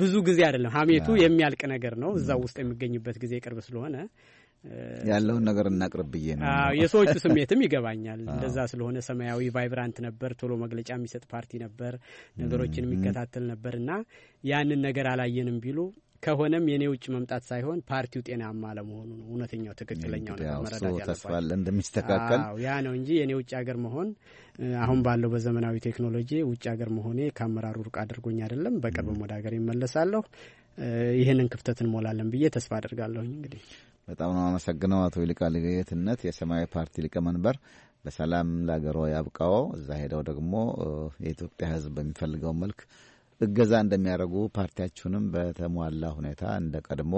ብዙ ጊዜ አይደለም ሀሜቱ የሚያልቅ ነገር ነው። እዛ ውስጥ የሚገኝበት ጊዜ ቅርብ ስለሆነ ያለውን ነገር እናቅርብ ብዬ ነው። የሰዎቹ ስሜትም ይገባኛል። እንደዛ ስለሆነ ሰማያዊ ቫይብራንት ነበር፣ ቶሎ መግለጫ የሚሰጥ ፓርቲ ነበር፣ ነገሮችን የሚከታተል ነበር እና ያንን ነገር አላየንም ቢሉ ከሆነም የኔ ውጭ መምጣት ሳይሆን ፓርቲው ጤናማ ለመሆኑ ነው እውነተኛው ተክክለኛው ነገር መረዳት እንደሚስተካከል ያ ነው እንጂ የኔ ውጭ ሀገር መሆን አሁን ባለው በዘመናዊ ቴክኖሎጂ ውጭ ሀገር መሆኔ ከአመራሩ ሩቅ አድርጎኝ አይደለም። በቅርብም ወደ ሀገር ይመለሳለሁ። ይህንን ክፍተት እንሞላለን ብዬ ተስፋ አደርጋለሁ። እንግዲህ በጣም ነው አመሰግነው አቶ ይልቃል ጌትነት የሰማያዊ ፓርቲ ሊቀመንበር በሰላም ለሀገሮ ያብቃዎ። እዛ ሄደው ደግሞ የኢትዮጵያ ሕዝብ በሚፈልገው መልክ እገዛ እንደሚያደርጉ ፓርቲያችሁንም በተሟላ ሁኔታ እንደ ቀድሞ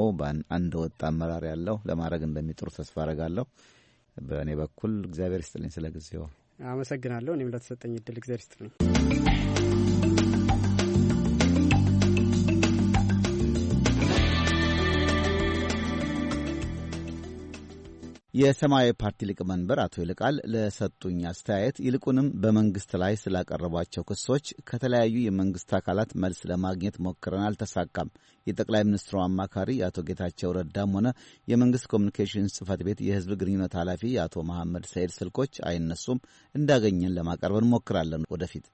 አንድ ወጥ አመራር ያለው ለማድረግ እንደሚጥሩ ተስፋ አረጋለሁ። በእኔ በኩል እግዚአብሔር ይስጥልኝ። ስለ ጊዜው አመሰግናለሁ። እኔም ለተሰጠኝ እድል እግዚአብሔር ይስጥልኝ። የሰማያዊ ፓርቲ ሊቀመንበር አቶ ይልቃል ለሰጡኝ አስተያየት ይልቁንም በመንግስት ላይ ስላቀረቧቸው ክሶች ከተለያዩ የመንግስት አካላት መልስ ለማግኘት ሞክረን አልተሳካም። የጠቅላይ ሚኒስትሩ አማካሪ የአቶ ጌታቸው ረዳም ሆነ የመንግስት ኮሚኒኬሽን ጽህፈት ቤት የህዝብ ግንኙነት ኃላፊ የአቶ መሐመድ ሰይድ ስልኮች አይነሱም። እንዳገኘን ለማቀርብ እንሞክራለን ወደፊት።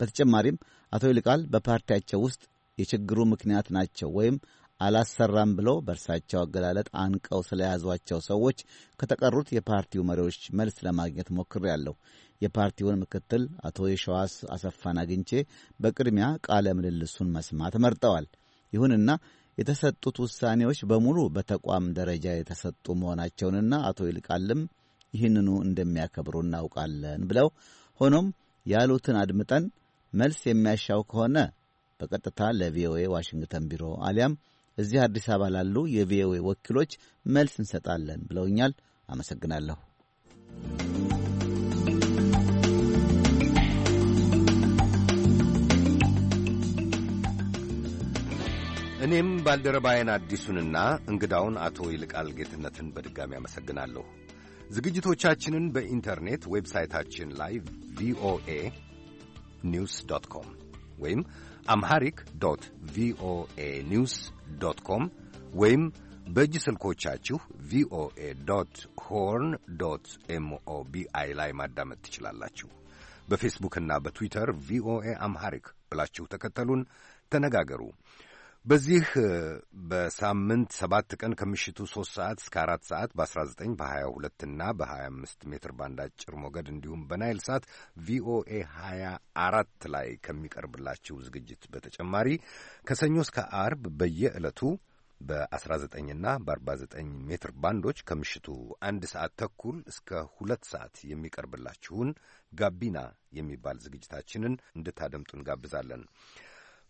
በተጨማሪም አቶ ይልቃል በፓርቲያቸው ውስጥ የችግሩ ምክንያት ናቸው ወይም አላሰራም ብለው በእርሳቸው አገላለጥ አንቀው ስለያዟቸው ሰዎች ከተቀሩት የፓርቲው መሪዎች መልስ ለማግኘት ሞክሬያለሁ። የፓርቲውን ምክትል አቶ የሸዋስ አሰፋን አግኝቼ በቅድሚያ ቃለ ምልልሱን መስማት መርጠዋል። ይሁንና የተሰጡት ውሳኔዎች በሙሉ በተቋም ደረጃ የተሰጡ መሆናቸውንና አቶ ይልቃልም ይህንኑ እንደሚያከብሩ እናውቃለን ብለው ሆኖም ያሉትን አድምጠን መልስ የሚያሻው ከሆነ በቀጥታ ለቪኦኤ ዋሽንግተን ቢሮ አሊያም እዚህ አዲስ አበባ ላሉ የቪኦኤ ወኪሎች መልስ እንሰጣለን ብለውኛል። አመሰግናለሁ። እኔም ባልደረባዬን አዲሱንና እንግዳውን አቶ ይልቃል ጌትነትን በድጋሚ አመሰግናለሁ። ዝግጅቶቻችንን በኢንተርኔት ዌብሳይታችን ላይ ቪኦኤ ኒውስ ዶት ኮም ወይም አምሃሪክ ዶት ቪኦኤ ኒውስ ዶት ኮም ወይም በእጅ ስልኮቻችሁ ቪኦኤ ዶት ሆርን ዶት ኤምኦቢአይ ላይ ማዳመጥ ትችላላችሁ። በፌስቡክና በትዊተር ቪኦኤ አምሃሪክ ብላችሁ ተከተሉን፣ ተነጋገሩ። በዚህ በሳምንት ሰባት ቀን ከምሽቱ ሶስት ሰዓት እስከ አራት ሰዓት በ19 በ22 እና በ25 ሜትር ባንድ አጭር ሞገድ እንዲሁም በናይል ሳት ቪኦኤ 24 ላይ ከሚቀርብላችሁ ዝግጅት በተጨማሪ ከሰኞ እስከ አርብ በየዕለቱ በ19ና በ49 ሜትር ባንዶች ከምሽቱ አንድ ሰዓት ተኩል እስከ ሁለት ሰዓት የሚቀርብላችሁን ጋቢና የሚባል ዝግጅታችንን እንድታደምጡ እንጋብዛለን።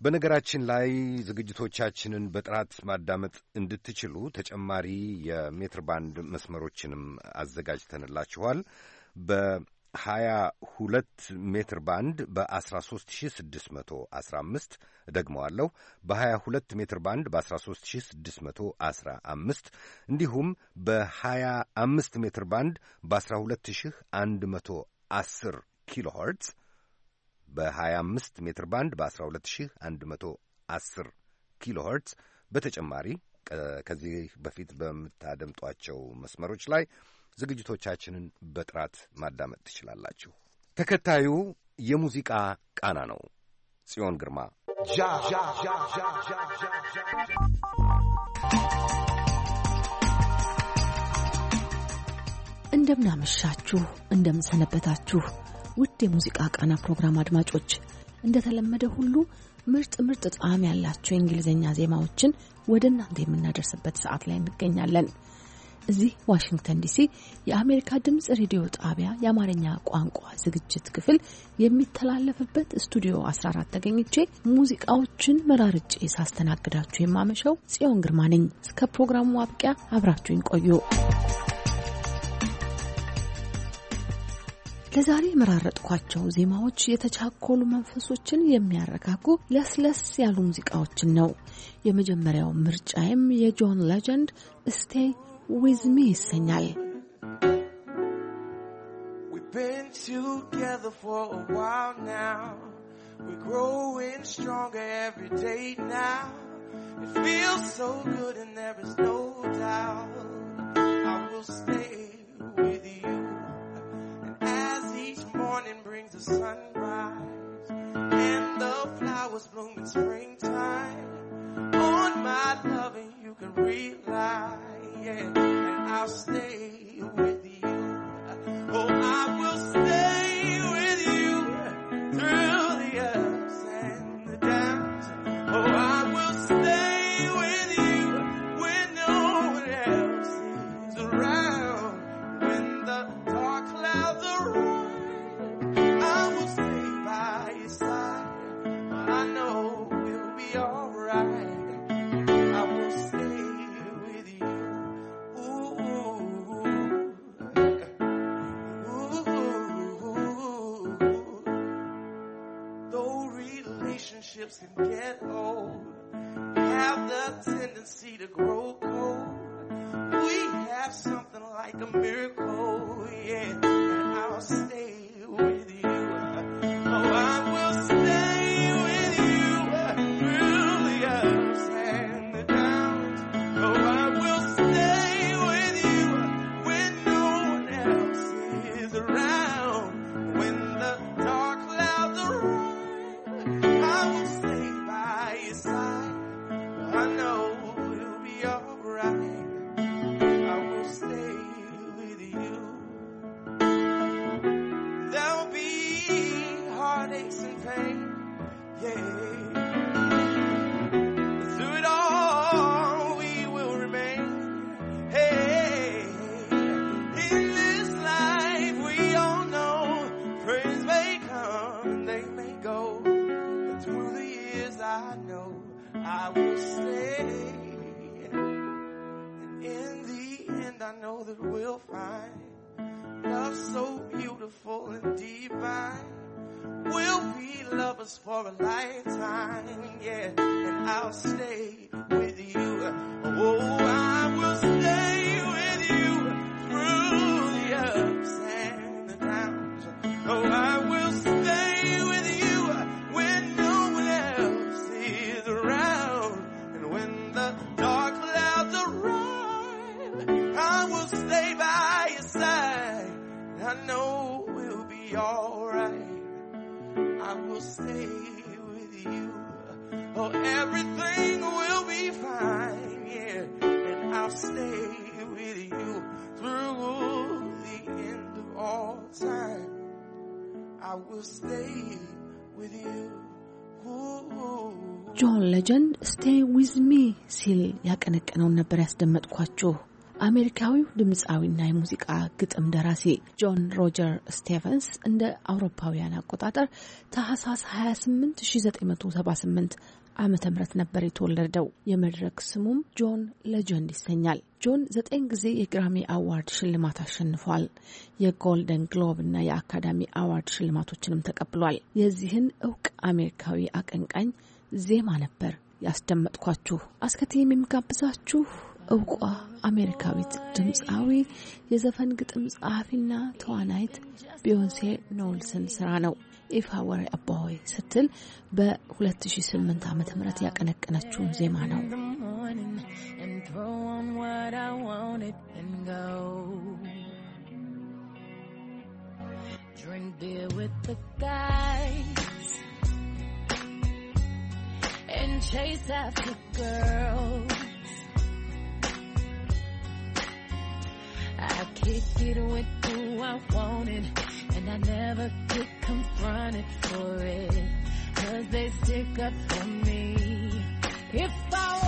በነገራችን ላይ ዝግጅቶቻችንን በጥራት ማዳመጥ እንድትችሉ ተጨማሪ የሜትር ባንድ መስመሮችንም አዘጋጅተንላችኋል። በሀያ ሁለት ሜትር ባንድ በአስራ ሶስት ሺ ስድስት መቶ አስራ አምስት ደግመዋለሁ። በሀያ ሁለት ሜትር ባንድ በአስራ ሶስት ሺ ስድስት መቶ አስራ አምስት እንዲሁም በሀያ አምስት ሜትር ባንድ በአስራ ሁለት ሺህ አንድ መቶ አስር ኪሎ በ25 ሜትር ባንድ በ12110 ኪሎ ኸርትዝ በተጨማሪ ከዚህ በፊት በምታደምጧቸው መስመሮች ላይ ዝግጅቶቻችንን በጥራት ማዳመጥ ትችላላችሁ። ተከታዩ የሙዚቃ ቃና ነው። ጽዮን ግርማ እንደምናመሻችሁ፣ እንደምንሰነበታችሁ ውድ የሙዚቃ ቃና ፕሮግራም አድማጮች እንደተለመደ ሁሉ ምርጥ ምርጥ ጣዕም ያላቸው የእንግሊዝኛ ዜማዎችን ወደ እናንተ የምናደርስበት ሰዓት ላይ እንገኛለን። እዚህ ዋሽንግተን ዲሲ የአሜሪካ ድምፅ ሬዲዮ ጣቢያ የአማርኛ ቋንቋ ዝግጅት ክፍል የሚተላለፍበት ስቱዲዮ 14 ተገኝቼ ሙዚቃዎችን መራርጬ ሳስተናግዳችሁ የማመሸው ጽዮን ግርማ ነኝ። እስከ ፕሮግራሙ አብቂያ አብራችሁኝ ቆዩ። ለዛሬ የመራረጥኳቸው ዜማዎች የተቻኮሉ መንፈሶችን የሚያረጋጉ ለስለስ ያሉ ሙዚቃዎችን ነው። የመጀመሪያው ምርጫዬም የጆን ሌጀንድ ስቴይ ዊዝ ሚ ይሰኛል። I will stay with you. morning brings the sunrise and the flowers bloom in springtime. On my loving you can rely, yeah, and I'll stay with you. Oh, I will stay. relationships can get old. We have the tendency to grow cold. We have something like a miracle, yeah. ያቀነቀነውን ነበር ያስደመጥኳችሁ። አሜሪካዊው ድምፃዊና የሙዚቃ ግጥም ደራሲ ጆን ሮጀር ስቴቨንስ እንደ አውሮፓውያን አቆጣጠር ታህሳስ 28 1978 ዓመተ ምህረት ነበር የተወለደው። የመድረክ ስሙም ጆን ሌጀንድ ይሰኛል። ጆን ዘጠኝ ጊዜ የግራሚ አዋርድ ሽልማት አሸንፏል። የጎልደን ግሎብ እና የአካዳሚ አዋርድ ሽልማቶችንም ተቀብሏል። የዚህን እውቅ አሜሪካዊ አቀንቃኝ ዜማ ነበር ያስደመጥኳችሁ። አስከትዬም የሚጋብዛችሁ እውቋ አሜሪካዊት ድምፃዊ የዘፈን ግጥም ጸሐፊና ተዋናይት ቢዮንሴ ኖልስን ስራ ነው። ኢፍ አይ ስትል በ2008 ዓ ም ያቀነቀነችውን ዜማ ነው። Drink beer with the guys and chase after girls. I kick it with who I wanted, and I never get confronted for it, cause they stick up for me. If I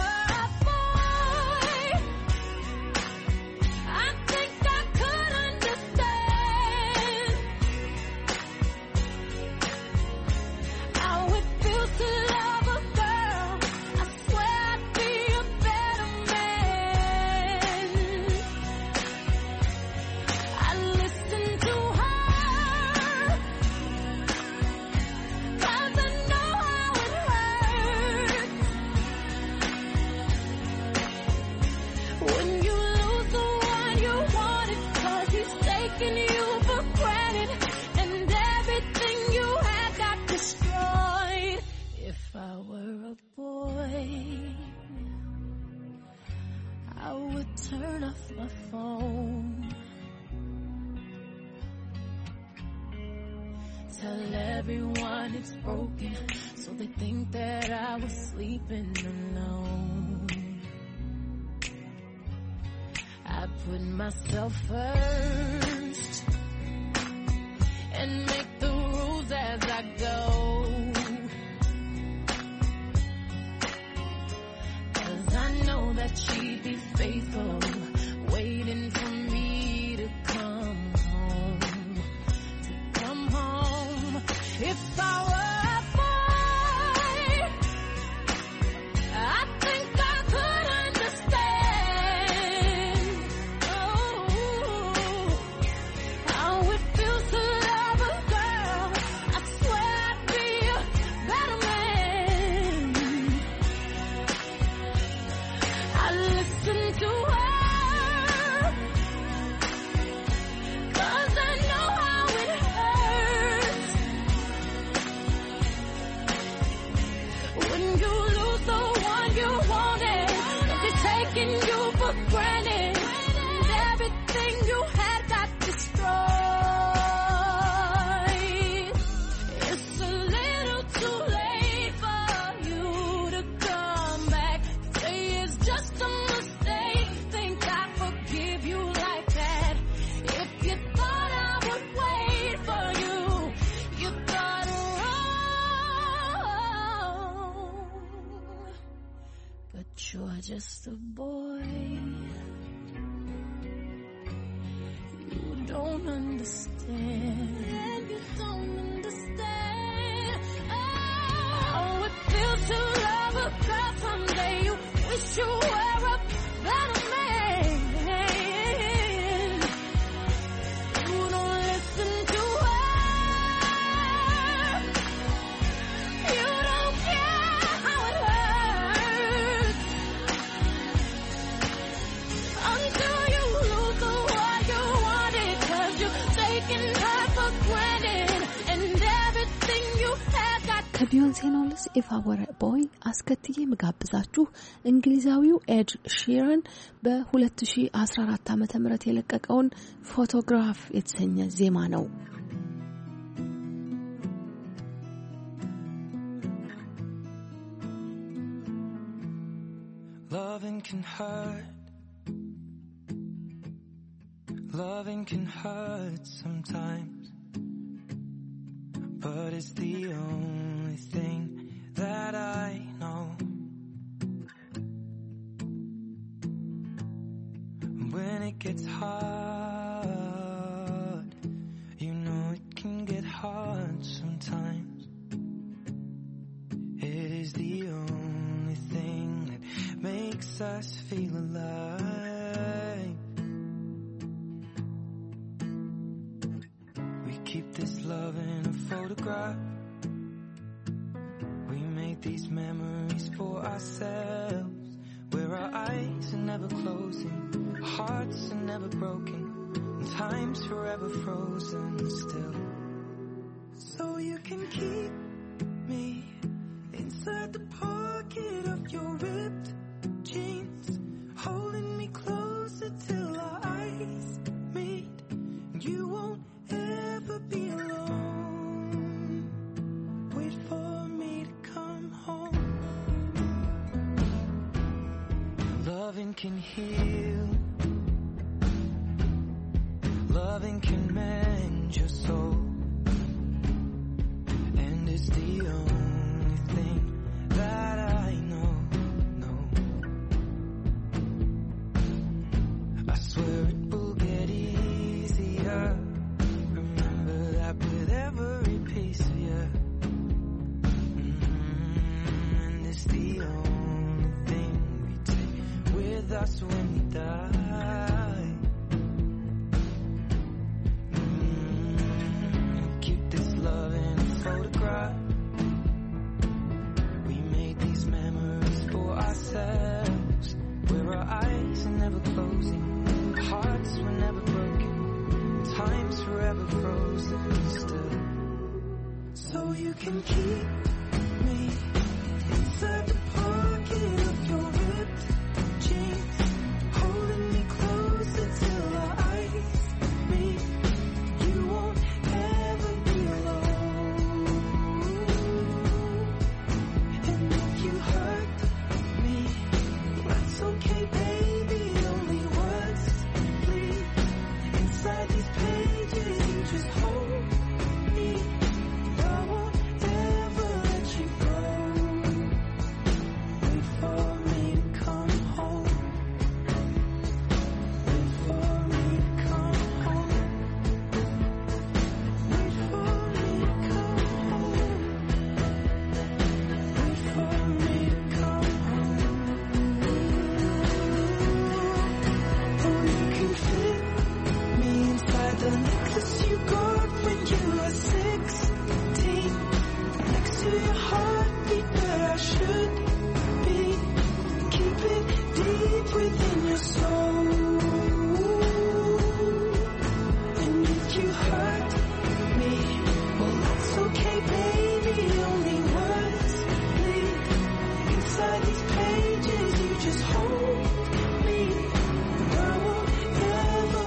turn off my phone. Tell everyone it's broken, so they think that I was sleeping alone. I put myself first and make the rules as I go. be faithful. ቻርልስ ኤፋወረ ቦይ አስከትዬ መጋብዛችሁ እንግሊዛዊው ኤድ ሺረን በ2014 ዓ ም የለቀቀውን ፎቶግራፍ የተሰኘ ዜማ ነው። Loving can hurt. Loving can hurt sometimes. But it's the only thing that I know. When it gets hard, you know it can get hard sometimes. It is the only thing that makes us feel alive. We keep this love in a photograph these memories for ourselves Where our eyes are never closing Hearts are never broken And time's forever frozen still So you can keep me Inside the pocket of your ripped jeans Holding me closer till our eyes meet And you won't ever be alone can heal.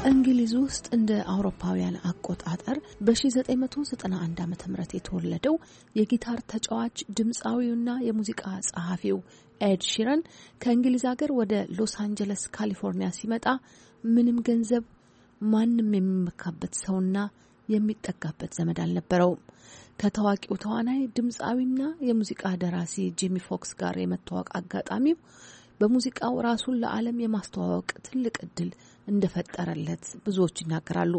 እንግሊዝ ውስጥ እንደ አውሮፓውያን በ1991 ዓ ም የተወለደው የጊታር ተጫዋች ድምፃዊውና የሙዚቃ ጸሐፊው ኤድ ሺረን ከእንግሊዝ ሀገር ወደ ሎስ አንጀለስ ካሊፎርኒያ ሲመጣ ምንም ገንዘብ፣ ማንም የሚመካበት ሰውና የሚጠጋበት ዘመድ አልነበረውም። ከታዋቂው ተዋናይ ድምፃዊና የሙዚቃ ደራሲ ጂሚ ፎክስ ጋር የመተዋወቅ አጋጣሚው በሙዚቃው ራሱን ለዓለም የማስተዋወቅ ትልቅ እድል እንደፈጠረለት ብዙዎች ይናገራሉ።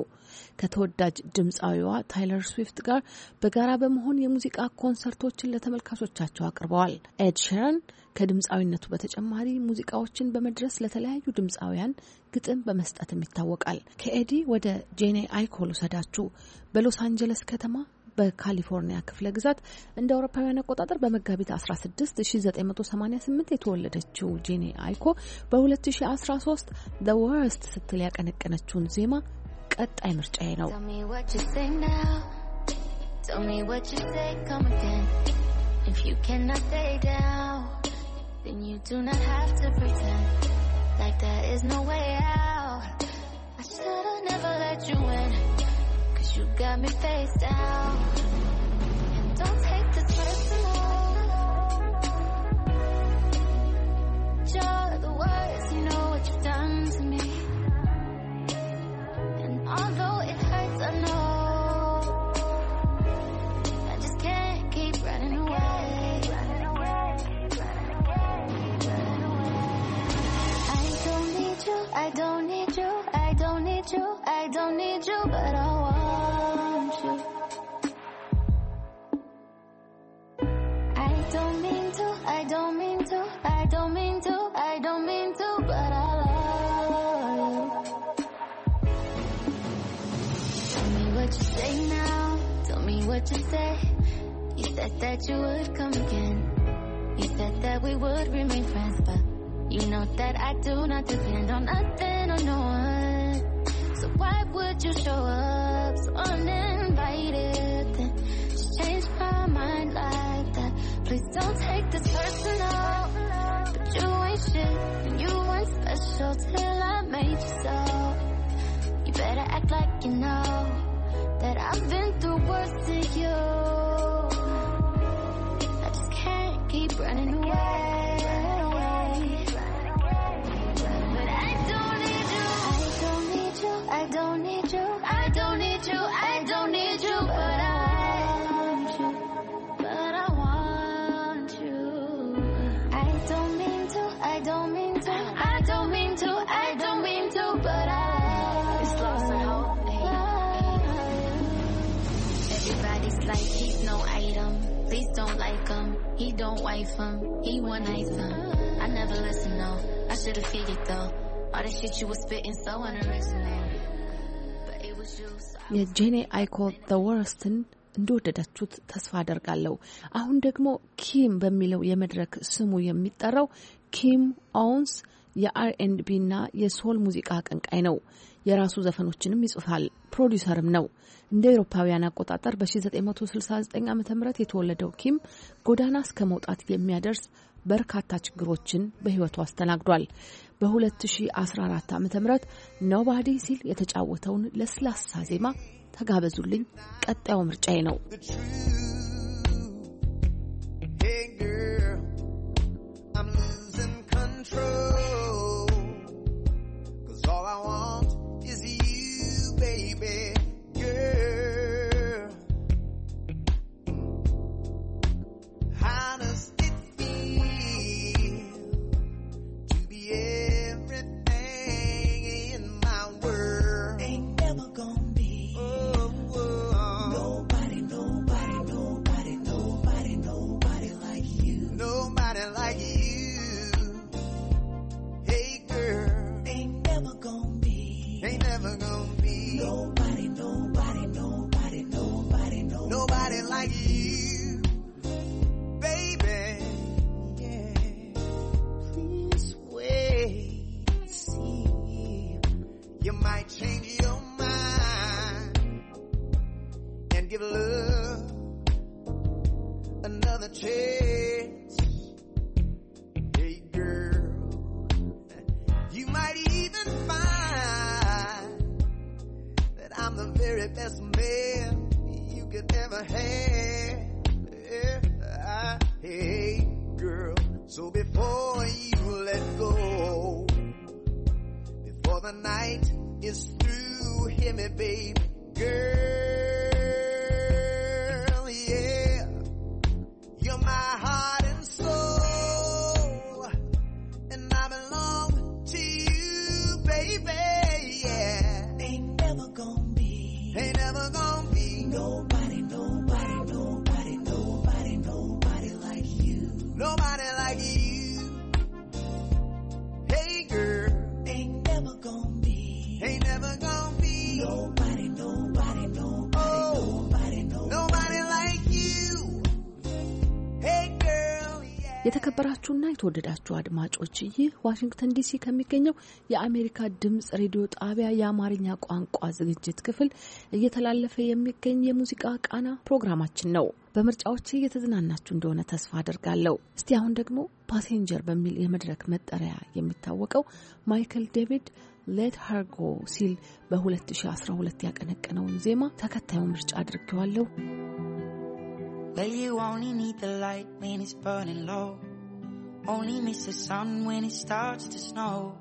ከተወዳጅ ድምፃዊዋ ታይለር ስዊፍት ጋር በጋራ በመሆን የሙዚቃ ኮንሰርቶችን ለተመልካቾቻቸው አቅርበዋል። ኤድ ሸረን ከድምፃዊነቱ በተጨማሪ ሙዚቃዎችን በመድረስ ለተለያዩ ድምፃውያን ግጥም በመስጠትም ይታወቃል። ከኤዲ ወደ ጄኔ አይኮል ውሰዳችሁ በሎስ አንጀለስ ከተማ በካሊፎርኒያ ክፍለ ግዛት እንደ አውሮፓውያን አቆጣጠር በመጋቢት 16 የተወለደችው ጄኒ አይኮ በ2013 ዘ ወርስት ስትል ያቀነቀነችውን ዜማ ቀጣይ ምርጫዬ ነው። You got me face down. And don't take this personal. You're the worst, you know what you've done to me. የጄኔ አይኮ ዘ ወርስትን እንደወደዳችሁት ተስፋ አደርጋለሁ። አሁን ደግሞ ኪም በሚለው የመድረክ ስሙ የሚጠራው ኪም ኦውንስ የአርኤንቢ እና የሶል ሙዚቃ አቀንቃይ ነው። የራሱ ዘፈኖችንም ይጽፋል፣ ፕሮዲሰርም ነው። እንደ ኤሮፓውያን አቆጣጠር በ1969 ዓ ም የተወለደው ኪም ጎዳና እስከ መውጣት የሚያደርስ በርካታ ችግሮችን በህይወቱ አስተናግዷል። በ2014 ዓ ም ኖባዲ ሲል የተጫወተውን ለስላሳ ዜማ ተጋበዙልኝ። ቀጣዩ ምርጫዬ ነው። True. never had. Yeah, I hate girl. So before you let go, before the night is through, hear me, baby, girl. የተከበራችሁና የተወደዳችሁ አድማጮች ይህ ዋሽንግተን ዲሲ ከሚገኘው የአሜሪካ ድምጽ ሬዲዮ ጣቢያ የአማርኛ ቋንቋ ዝግጅት ክፍል እየተላለፈ የሚገኝ የሙዚቃ ቃና ፕሮግራማችን ነው። በምርጫዎች እየተዝናናችሁ እንደሆነ ተስፋ አድርጋለሁ። እስቲ አሁን ደግሞ ፓሴንጀር በሚል የመድረክ መጠሪያ የሚታወቀው ማይክል ዴቪድ ሌት ሃርጎ ሲል በ2012 ያቀነቀነውን ዜማ ተከታዩ ምርጫ አድርጌዋለሁ። Well, you only need the light when it's burning low. Only miss the sun when it starts to snow.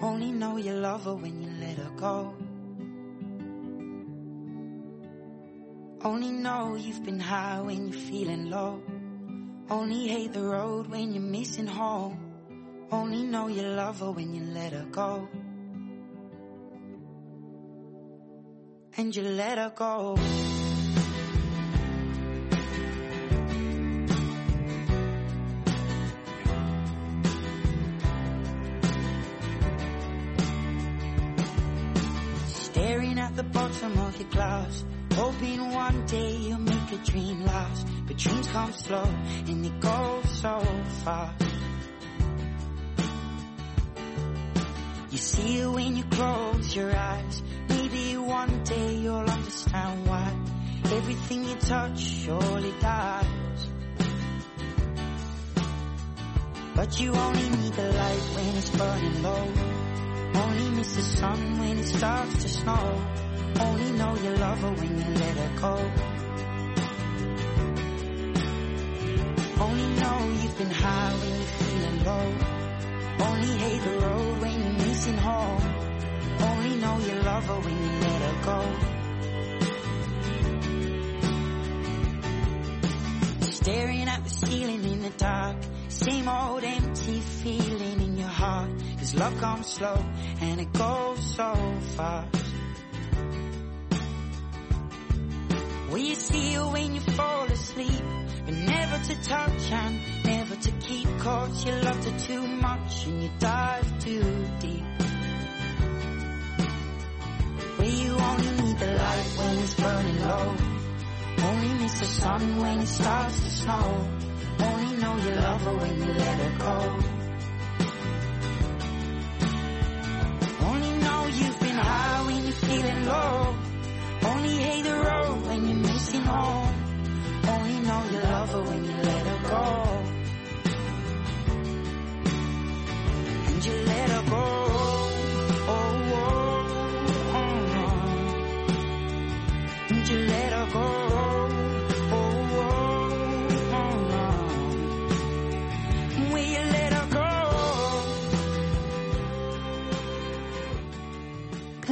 Only know you love her when you let her go. Only know you've been high when you're feeling low. Only hate the road when you're missing home. Only know you love her when you let her go. And you let her go. dream lost, but dreams come slow and they go so fast. You see it when you close your eyes. Maybe one day you'll understand why everything you touch surely dies. But you only need the light when it's burning low. Only miss the sun when it starts to snow. Only know you love her when you let her go. Only know you've been high when you're feeling low. Only hate the road when you're missing home. Only know you love her when you let her go. Staring at the ceiling in the dark. Same old empty feeling in your heart. Cause love comes slow and it goes so fast. Will you see her when you fall asleep? But never to touch and never to keep caught. You loved her too much and you dive too deep. Where you only need the light when it's burning low. Only miss the sun when it starts to snow. Only know you love her when you let her go. Only know you've been high when you're feeling low. Only hate the road when you're missing home. Only know you love her when you let her go. And you let her go. Oh, oh, oh, oh. And you let her go.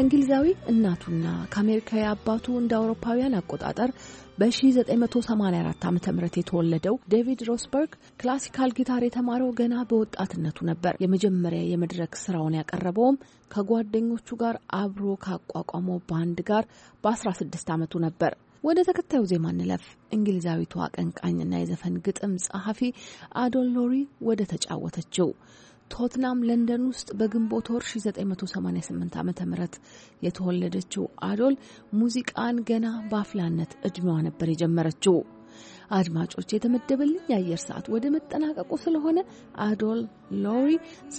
ከእንግሊዛዊ እናቱና ከአሜሪካዊ አባቱ እንደ አውሮፓውያን አቆጣጠር በ1984 ዓ ም የተወለደው ዴቪድ ሮስበርግ ክላሲካል ጊታር የተማረው ገና በወጣትነቱ ነበር። የመጀመሪያ የመድረክ ስራውን ያቀረበውም ከጓደኞቹ ጋር አብሮ ካቋቋመው ባንድ ጋር በ16 ዓመቱ ነበር። ወደ ተከታዩ ዜማ እንለፍ። እንግሊዛዊቷ አቀንቃኝና የዘፈን ግጥም ጸሐፊ አዶል ሎሪ ወደ ተጫወተችው ቶትናም ለንደን ውስጥ በግንቦት ወር 1988 ዓ ም የተወለደችው አዶል ሙዚቃን ገና በአፍላነት እድሜዋ ነበር የጀመረችው። አድማጮች፣ የተመደበልኝ የአየር ሰዓት ወደ መጠናቀቁ ስለሆነ አዶል ሎሪ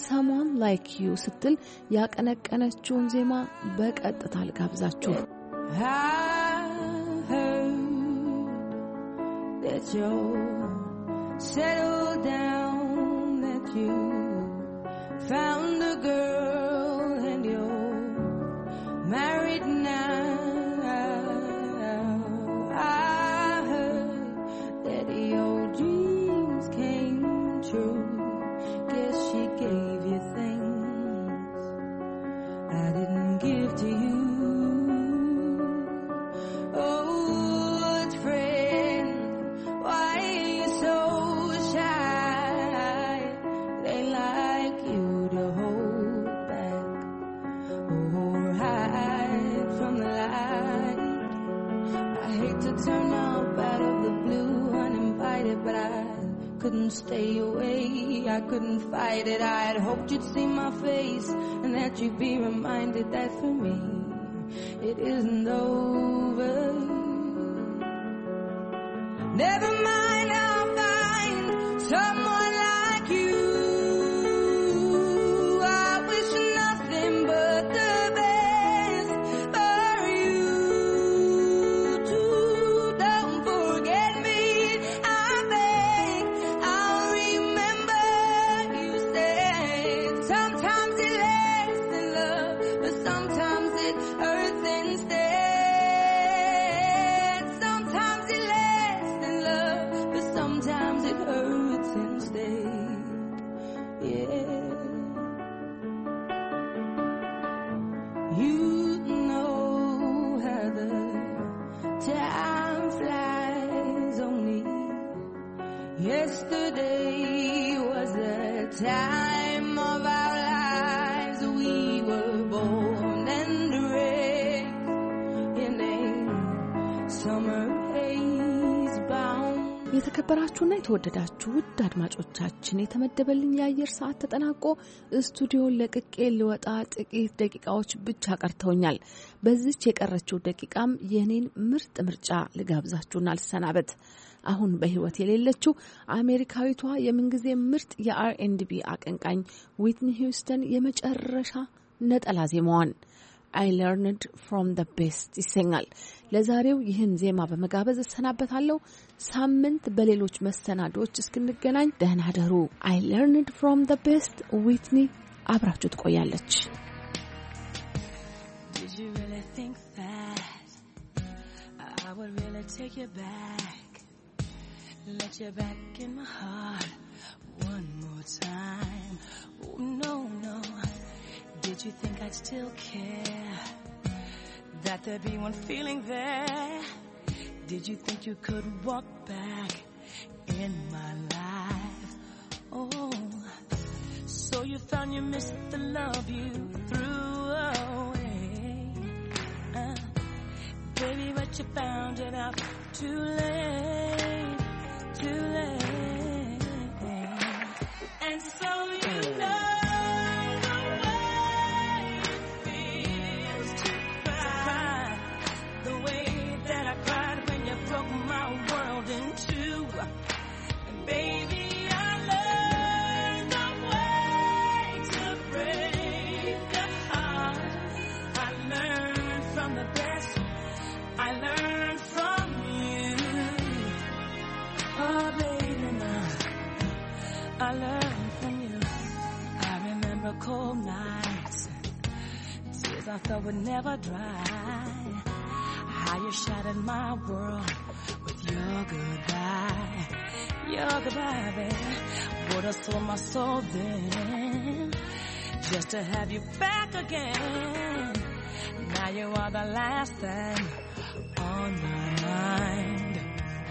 ሰሞን ላይክ ዩ ስትል ያቀነቀነችውን ዜማ በቀጥታ ልጋብዛችሁ። That you settle down, that you found a girl couldn't stay away. I couldn't fight it. I had hoped you'd see my face and that you'd be reminded that for me it isn't over. Never mind. የተወደዳችሁ ውድ አድማጮቻችን የተመደበልኝ የአየር ሰዓት ተጠናቆ ስቱዲዮን ለቅቄ ልወጣ ጥቂት ደቂቃዎች ብቻ ቀርተውኛል። በዚች የቀረችው ደቂቃም የኔን ምርጥ ምርጫ ልጋብዛችሁና ልሰናበት። አሁን በሕይወት የሌለችው አሜሪካዊቷ የምንጊዜ ምርጥ የአርኤንዲቢ አቀንቃኝ ዊትኒ ሂውስተን የመጨረሻ ነጠላ ዜማዋን አይ ለርንድ ፍሮም ደ ቤስት ይሰኛል። ለዛሬው ይህን ዜማ በመጋበዝ እሰናበታለሁ። ሳምንት በሌሎች መሰናዶዎች እስክንገናኝ ደህና አደሩ። አይ ለርንድ ፍሮም ዘ ቤስት ዊትኒ አብራችሁ ትቆያለች። Let you back in my heart one more time. Oh, no, no. Did you think I'd still care? That there'd be one feeling there? Did you think you could walk back in my life? Oh, so you found you missed the love you threw away. Uh, baby, but you found it out too late, too late. cold nights, tears I thought would never dry. How you shattered my world with your goodbye, your goodbye, baby. What I sold my soul then, just to have you back again. Now you are the last thing on my mind.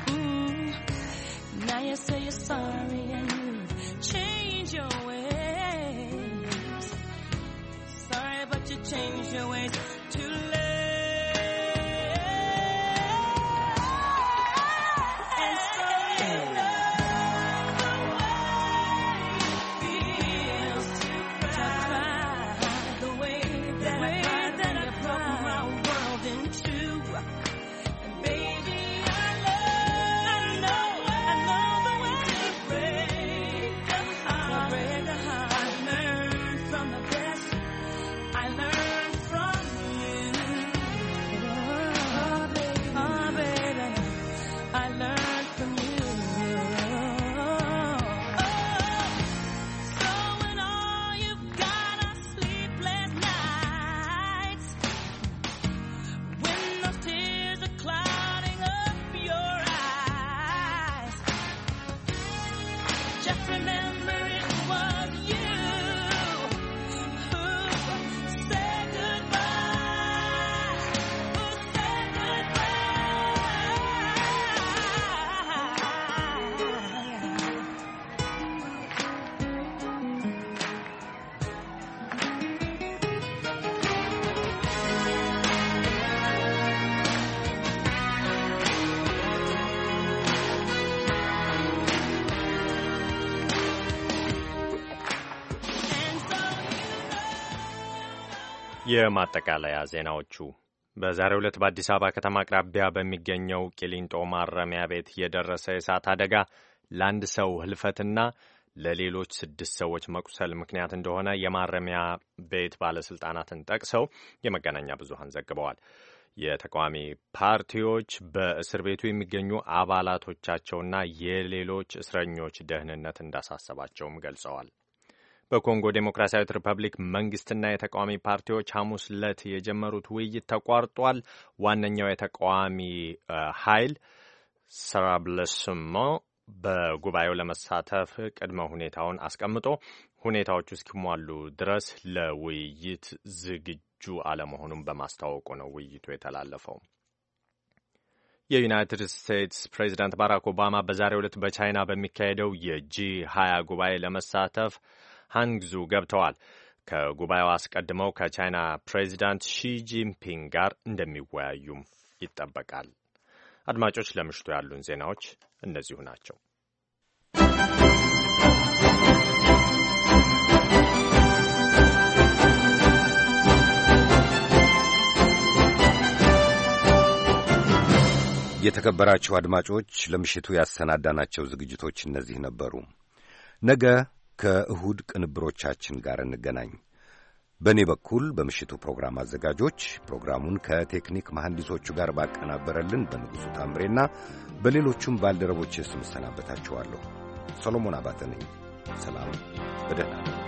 Mm. Now you say you're sorry and you change your change your ways. የማጠቃለያ ዜናዎቹ በዛሬው ዕለት በአዲስ አበባ ከተማ አቅራቢያ በሚገኘው ቂሊንጦ ማረሚያ ቤት የደረሰ የእሳት አደጋ ለአንድ ሰው ህልፈትና ለሌሎች ስድስት ሰዎች መቁሰል ምክንያት እንደሆነ የማረሚያ ቤት ባለስልጣናትን ጠቅሰው የመገናኛ ብዙሃን ዘግበዋል። የተቃዋሚ ፓርቲዎች በእስር ቤቱ የሚገኙ አባላቶቻቸውና የሌሎች እስረኞች ደህንነት እንዳሳሰባቸውም ገልጸዋል። በኮንጎ ዴሞክራሲያዊት ሪፐብሊክ መንግስትና የተቃዋሚ ፓርቲዎች ሐሙስ ዕለት የጀመሩት ውይይት ተቋርጧል። ዋነኛው የተቃዋሚ ኃይል ሰራብለስሞ በጉባኤው ለመሳተፍ ቅድመ ሁኔታውን አስቀምጦ ሁኔታዎቹ እስኪሟሉ ድረስ ለውይይት ዝግጁ አለመሆኑን በማስታወቁ ነው ውይይቱ የተላለፈው። የዩናይትድ ስቴትስ ፕሬዚዳንት ባራክ ኦባማ በዛሬው ዕለት በቻይና በሚካሄደው የጂ ሀያ ጉባኤ ለመሳተፍ ሃንግዙ ገብተዋል። ከጉባኤው አስቀድመው ከቻይና ፕሬዚዳንት ሺጂንፒንግ ጋር እንደሚወያዩም ይጠበቃል። አድማጮች፣ ለምሽቱ ያሉን ዜናዎች እነዚሁ ናቸው። የተከበራችሁ አድማጮች፣ ለምሽቱ ያሰናዳናቸው ዝግጅቶች እነዚህ ነበሩ። ነገ ከእሁድ ቅንብሮቻችን ጋር እንገናኝ። በእኔ በኩል በምሽቱ ፕሮግራም አዘጋጆች ፕሮግራሙን ከቴክኒክ መሐንዲሶቹ ጋር ባቀናበረልን በንጉሡ ታምሬና በሌሎቹም ባልደረቦች ስም እሰናበታችኋለሁ። ሰሎሞን አባተ ነኝ። ሰላም፣ በደህና ነው።